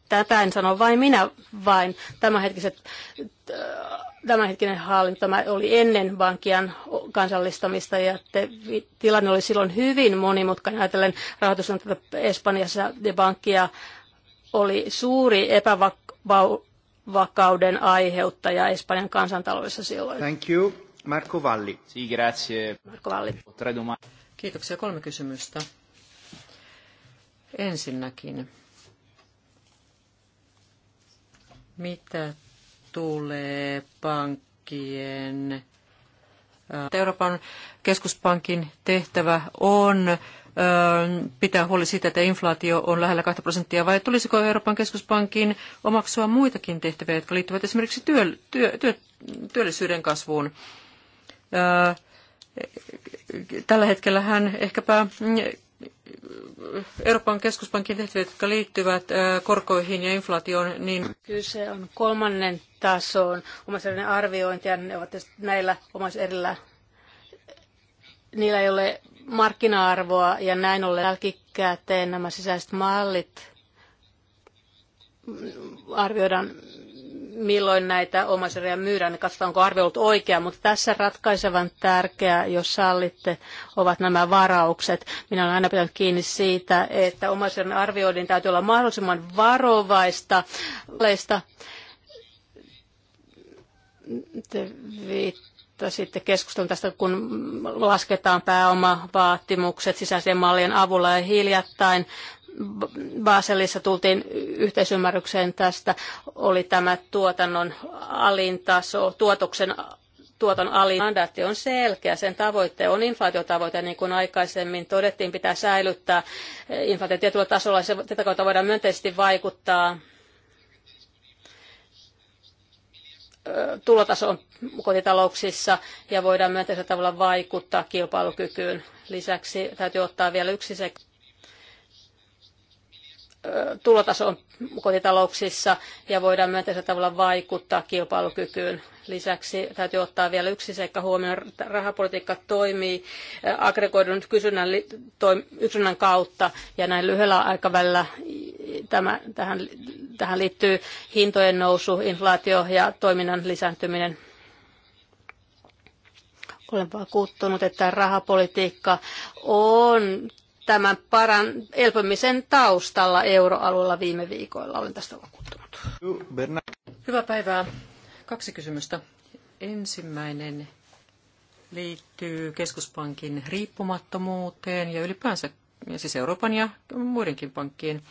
Tätä en sano vain minä, vain tämänhetkiset, äh, tämänhetkinen hallinto tämä oli ennen vankian kansallistamista ja te, tilanne oli silloin hyvin monimutkainen. Ajatellen rahoitus Espanjassa ja pankkia oli suuri epävakauden aiheuttaja Espanjan kansantaloudessa silloin. Thank you. Marco Valli. Sì, grazie. Marco Valli. Kiitoksia. Kolme kysymystä. Ensinnäkin, Mitä tulee pankkien? Äh, Euroopan keskuspankin tehtävä on äh, pitää huoli siitä, että inflaatio on lähellä 2 prosenttia, vai tulisiko Euroopan keskuspankin omaksua muitakin tehtäviä, jotka liittyvät esimerkiksi työ, työ, työ, työllisyyden kasvuun? Äh, tällä hetkellä hän ehkäpä mm, Euroopan keskuspankin tehtävät, jotka liittyvät korkoihin ja inflaatioon, niin... Kyse on kolmannen tason omaisuuden arviointia. Ne ovat näillä omaiserillä, niillä ei ole markkina-arvoa ja näin ollen jälkikäteen nämä sisäiset mallit arvioidaan milloin näitä omaisuuden myydään, niin katsotaan, onko arvio ollut oikea, mutta tässä ratkaisevan tärkeää, jos sallitte, ovat nämä varaukset. Minä olen aina pitänyt kiinni siitä, että omaisuuden arvioinnin täytyy olla mahdollisimman varovaista. Te viittasitte keskustelun tästä, kun lasketaan pääomavaatimukset sisäisen mallien avulla ja hiljattain Baselissa tultiin yhteisymmärrykseen tästä, oli tämä tuotannon alintaso, tuotoksen tuoton alin mandaatti on selkeä. Sen tavoitte on inflaatiotavoite, niin kuin aikaisemmin todettiin, pitää säilyttää inflaatio tietyllä tasolla. Se, tätä kautta voidaan myönteisesti vaikuttaa tulotason kotitalouksissa ja voidaan myönteisellä tavalla vaikuttaa kilpailukykyyn. Lisäksi täytyy ottaa vielä yksi sektori tulotason kotitalouksissa ja voidaan myönteisellä tavalla vaikuttaa kilpailukykyyn. Lisäksi täytyy ottaa vielä yksi seikka huomioon. Rahapolitiikka toimii aggregoidun kysynnän, kysynnän kautta ja näin lyhyellä aikavälillä tämä, tähän, tähän liittyy hintojen nousu, inflaatio ja toiminnan lisääntyminen. Olen vakuuttunut, että rahapolitiikka on tämän paran elpymisen taustalla euroalueella viime viikoilla. Olen tästä vakuuttunut. Hyvää päivää. Kaksi kysymystä. Ensimmäinen liittyy keskuspankin riippumattomuuteen ja ylipäänsä siis Euroopan ja muidenkin pankkiin.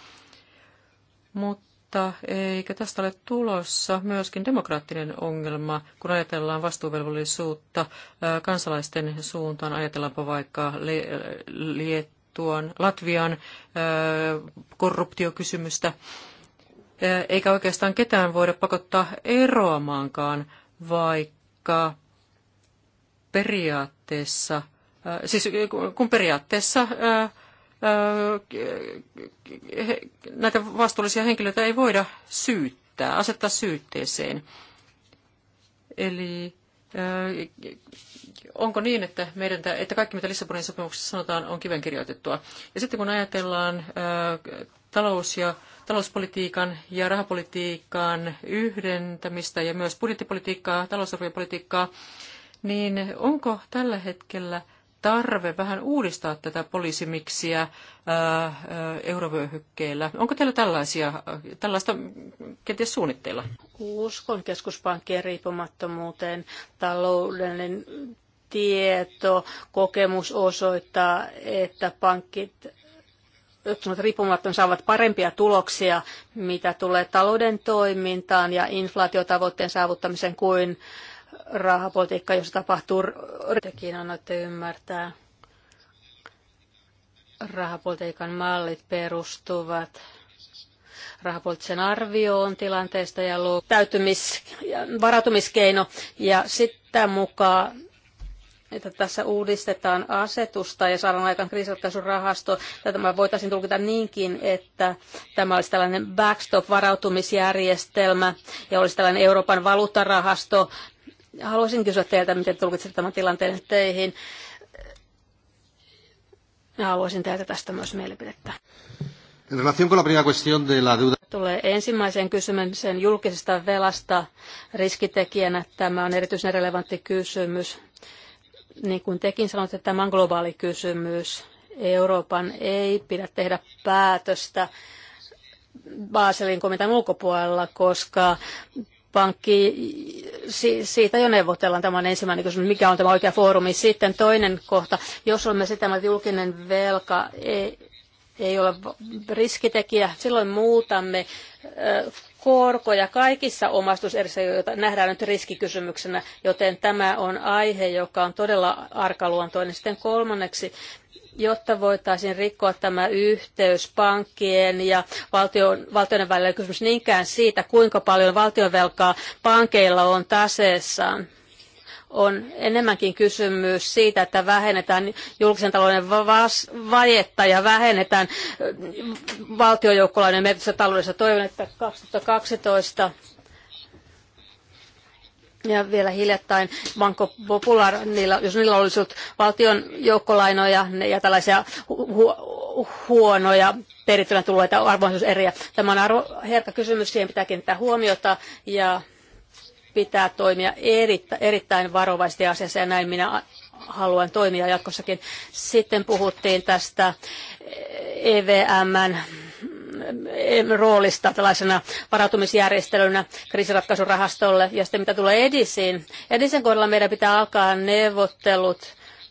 Mutta eikö tästä ole tulossa myöskin demokraattinen ongelma, kun ajatellaan vastuuvelvollisuutta kansalaisten suuntaan? Ajatellaanpa vaikka Liet tuon Latvian korruptiokysymystä, eikä oikeastaan ketään voida pakottaa eroamaankaan, vaikka periaatteessa, siis kun periaatteessa näitä vastuullisia henkilöitä ei voida syyttää, asettaa syytteeseen. Eli onko niin, että, meidän, että kaikki mitä Lissabonin sopimuksessa sanotaan on kivenkirjoitettua. Ja sitten kun ajatellaan talous- ja talouspolitiikan ja rahapolitiikan yhdentämistä ja myös budjettipolitiikkaa, talousarviopolitiikkaa, niin onko tällä hetkellä – tarve vähän uudistaa tätä poliisimiksiä eurovyöhykkeellä. Onko teillä tällaisia, tällaista kenties suunnitteilla? Uskon keskuspankkien riippumattomuuteen, taloudellinen tieto, kokemus osoittaa, että pankit riippumatta saavat parempia tuloksia, mitä tulee talouden toimintaan ja inflaatiotavoitteen saavuttamiseen kuin rahapolitiikka, jossa tapahtuu, tekin annoitte ymmärtää. Rahapolitiikan mallit perustuvat rahapoliittisen arvioon tilanteesta ja täytymis- ja varautumiskeino. Ja sitten mukaan että tässä uudistetaan asetusta ja saadaan aikaan rahasto. Tämä voitaisiin tulkita niinkin, että tämä olisi tällainen backstop-varautumisjärjestelmä ja olisi tällainen Euroopan valuuttarahasto, Haluaisin kysyä teiltä, miten tulkitsette tämän tilanteen teihin. Ja haluaisin teiltä tästä myös mielipidettä. En relación con la primera cuestión de la deuda. Tulee ensimmäiseen kysymykseen julkisesta velasta riskitekijänä. Tämä on erityisen relevantti kysymys. Niin kuin tekin sanoitte, tämä on globaali kysymys. Euroopan ei pidä tehdä päätöstä Baselin komitean ulkopuolella, koska pankki, siitä jo neuvotellaan. Tämä on ensimmäinen kysymys, mikä on tämä oikea foorumi. Sitten toinen kohta, jos olemme sitä, että julkinen velka ei, ei ole riskitekijä, silloin muutamme korkoja kaikissa omaisuuserissä, joita nähdään nyt riskikysymyksenä, joten tämä on aihe, joka on todella arkaluontoinen. Sitten kolmanneksi jotta voitaisiin rikkoa tämä yhteys pankkien ja valtion, valtioiden välillä, ei kysymys niinkään siitä, kuinka paljon valtionvelkaa pankeilla on taseessaan. On enemmänkin kysymys siitä, että vähennetään julkisen talouden vajetta ja vähennetään valtiojoukkolainen merkitystä taloudessa. Toivon, että 2012 ja vielä hiljattain Banco Popular, niillä, jos niillä olisi ollut valtion joukkolainoja ja tällaisia hu- hu- huonoja perittynä tulleita arvoisuuseriä. Tämä on arvo, herkkä kysymys, siihen pitää kiinnittää huomiota ja pitää toimia erittä, erittäin varovaisesti asiassa ja näin minä haluan toimia jatkossakin. Sitten puhuttiin tästä EVMn Eh, roolista tällaisena varautumisjärjestelynä kriisiratkaisurahastolle. Ja sitten mitä tulee Edisiin, Edisen kohdalla meidän pitää alkaa neuvottelut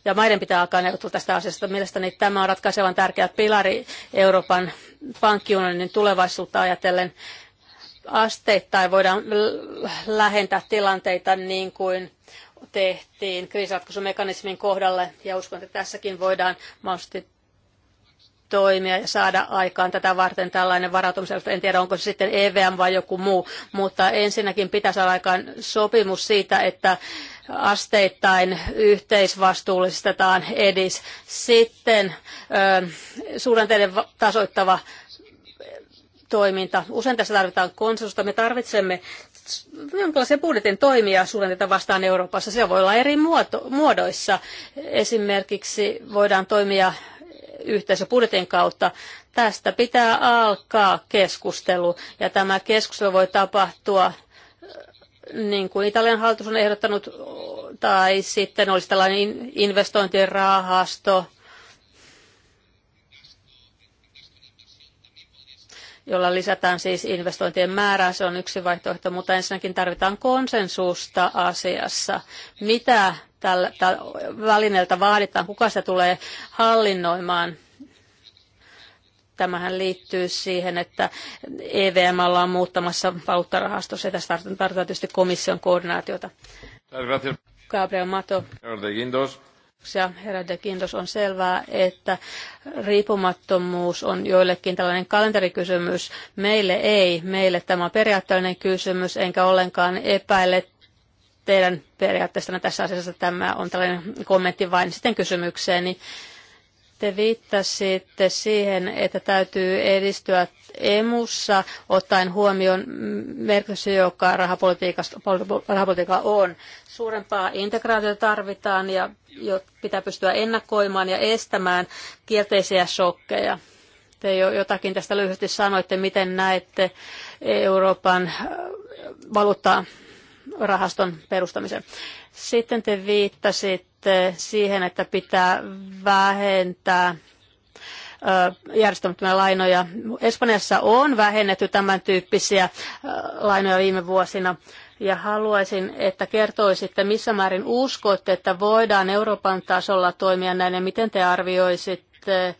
ja maiden pitää alkaa neuvottelut tästä asiasta. Mielestäni tämä on ratkaisevan tärkeä pilari Euroopan pankkiunionin tulevaisuutta ajatellen. Asteittain voidaan lähentää tilanteita niin kuin tehtiin kriisiratkaisumekanismin kohdalle ja uskon, että tässäkin voidaan mahdollisesti toimia ja saada aikaan tätä varten tällainen varautumisjärjestelmä. En tiedä, onko se sitten EVM vai joku muu, mutta ensinnäkin pitää saada aikaan sopimus siitä, että asteittain yhteisvastuullistetaan edis. Sitten ö, suhdanteiden tasoittava toiminta. Usein tässä tarvitaan konsensusta. Me tarvitsemme jonkinlaisen budjetin toimia suunnitelta vastaan Euroopassa. Se voi olla eri muoto, muodoissa. Esimerkiksi voidaan toimia yhteisöbudjetin kautta. Tästä pitää alkaa keskustelu ja tämä keskustelu voi tapahtua äh, niin kuin Italian hallitus on ehdottanut, tai sitten olisi tällainen investointirahasto, jolla lisätään siis investointien määrää. Se on yksi vaihtoehto, mutta ensinnäkin tarvitaan konsensusta asiassa. Mitä tällä, tällä välineeltä vaaditaan, kuka se tulee hallinnoimaan? Tämähän liittyy siihen, että EVM on muuttamassa valuuttarahastossa ja tässä tarvitaan tietysti komission koordinaatiota. Gabriel Mato. Kiitoksia, herra De Kindos. On selvää, että riippumattomuus on joillekin tällainen kalenterikysymys. Meille ei. Meille tämä on periaatteellinen kysymys, enkä ollenkaan epäile teidän periaatteestanne tässä asiassa. Tämä on tällainen kommentti vain sitten kysymykseen. Niin te viittasitte siihen, että täytyy edistyä emussa, ottaen huomioon merkitys, joka rahapolitiikalla on. Suurempaa integraatiota tarvitaan ja pitää pystyä ennakoimaan ja estämään kielteisiä shokkeja. Te jo jotakin tästä lyhyesti sanoitte, miten näette Euroopan äh, valuuttaa rahaston perustamisen. Sitten te viittasitte siihen, että pitää vähentää järjestämättömiä lainoja. Espanjassa on vähennetty tämän tyyppisiä lainoja viime vuosina. Ja haluaisin, että kertoisitte, missä määrin uskoitte, että voidaan Euroopan tasolla toimia näin ja miten te arvioisitte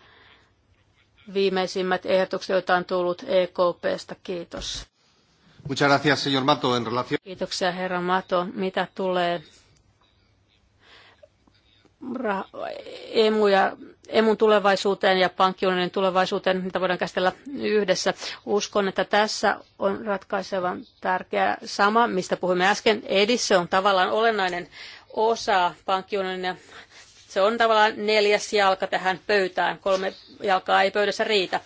viimeisimmät ehdotukset, joita on tullut EKPstä. Kiitos. Muchas gracias, señor Mato. En relación... Kiitoksia, herra Mato. Mitä tulee emu ja, emun tulevaisuuteen ja pankkiunionin tulevaisuuteen, mitä voidaan käsitellä yhdessä. Uskon, että tässä on ratkaisevan tärkeä sama, mistä puhuimme äsken. Edis, se on tavallaan olennainen osa pankkiunionia. Se on tavallaan neljäs jalka tähän pöytään. Kolme jalkaa ei pöydässä riitä.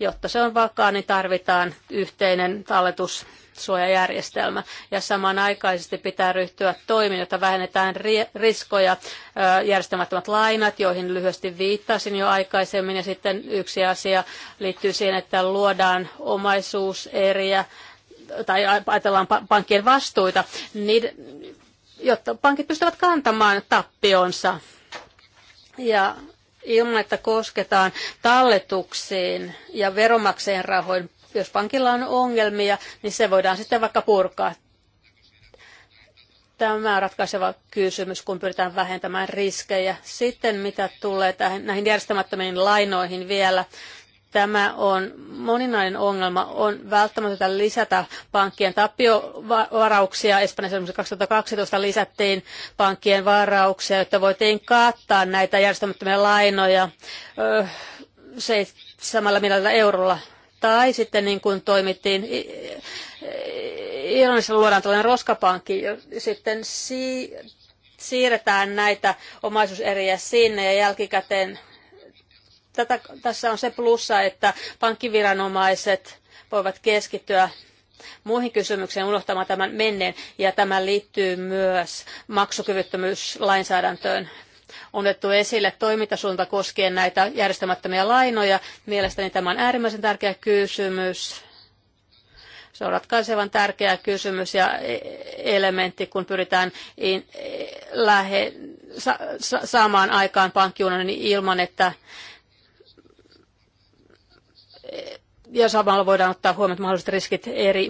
Jotta se on vakaa, niin tarvitaan yhteinen talletus suojajärjestelmä. Ja samanaikaisesti pitää ryhtyä toimiin, jotta vähennetään riskoja, järjestämättömät lainat, joihin lyhyesti viittasin jo aikaisemmin. Ja sitten yksi asia liittyy siihen, että luodaan omaisuuseriä tai ajatellaan pankkien vastuita, niin, jotta pankit pystyvät kantamaan tappionsa. Ja ilman, että kosketaan talletuksiin ja veromakseen rahoin jos pankilla on ongelmia, niin se voidaan sitten vaikka purkaa. Tämä on ratkaiseva kysymys, kun pyritään vähentämään riskejä. Sitten mitä tulee tähän, näihin järjestämättömiin lainoihin vielä, tämä on moninainen ongelma. On välttämätöntä lisätä pankkien tappiovarauksia. Espanjassa 2012 lisättiin pankkien varauksia, jotta voitiin kattaa näitä järjestämättömiä lainoja samalla miljardilla eurolla tai sitten niin kuin toimittiin Irlannissa luodaan tällainen roskapankki, ja sitten si- siirretään näitä omaisuuseriä sinne ja jälkikäteen Tätä, tässä on se plussa, että pankkiviranomaiset voivat keskittyä muihin kysymyksiin unohtamaan tämän menneen, ja tämä liittyy myös maksukyvyttömyyslainsäädäntöön on otettu esille toimintasuunta koskien näitä järjestämättömiä lainoja. Mielestäni tämä on äärimmäisen tärkeä kysymys. Se on ratkaisevan tärkeä kysymys ja e- elementti, kun pyritään in, lähe, sa, sa, saamaan aikaan pankkiunionin ilman, että e- ja samalla voidaan ottaa huomioon mahdolliset riskit eri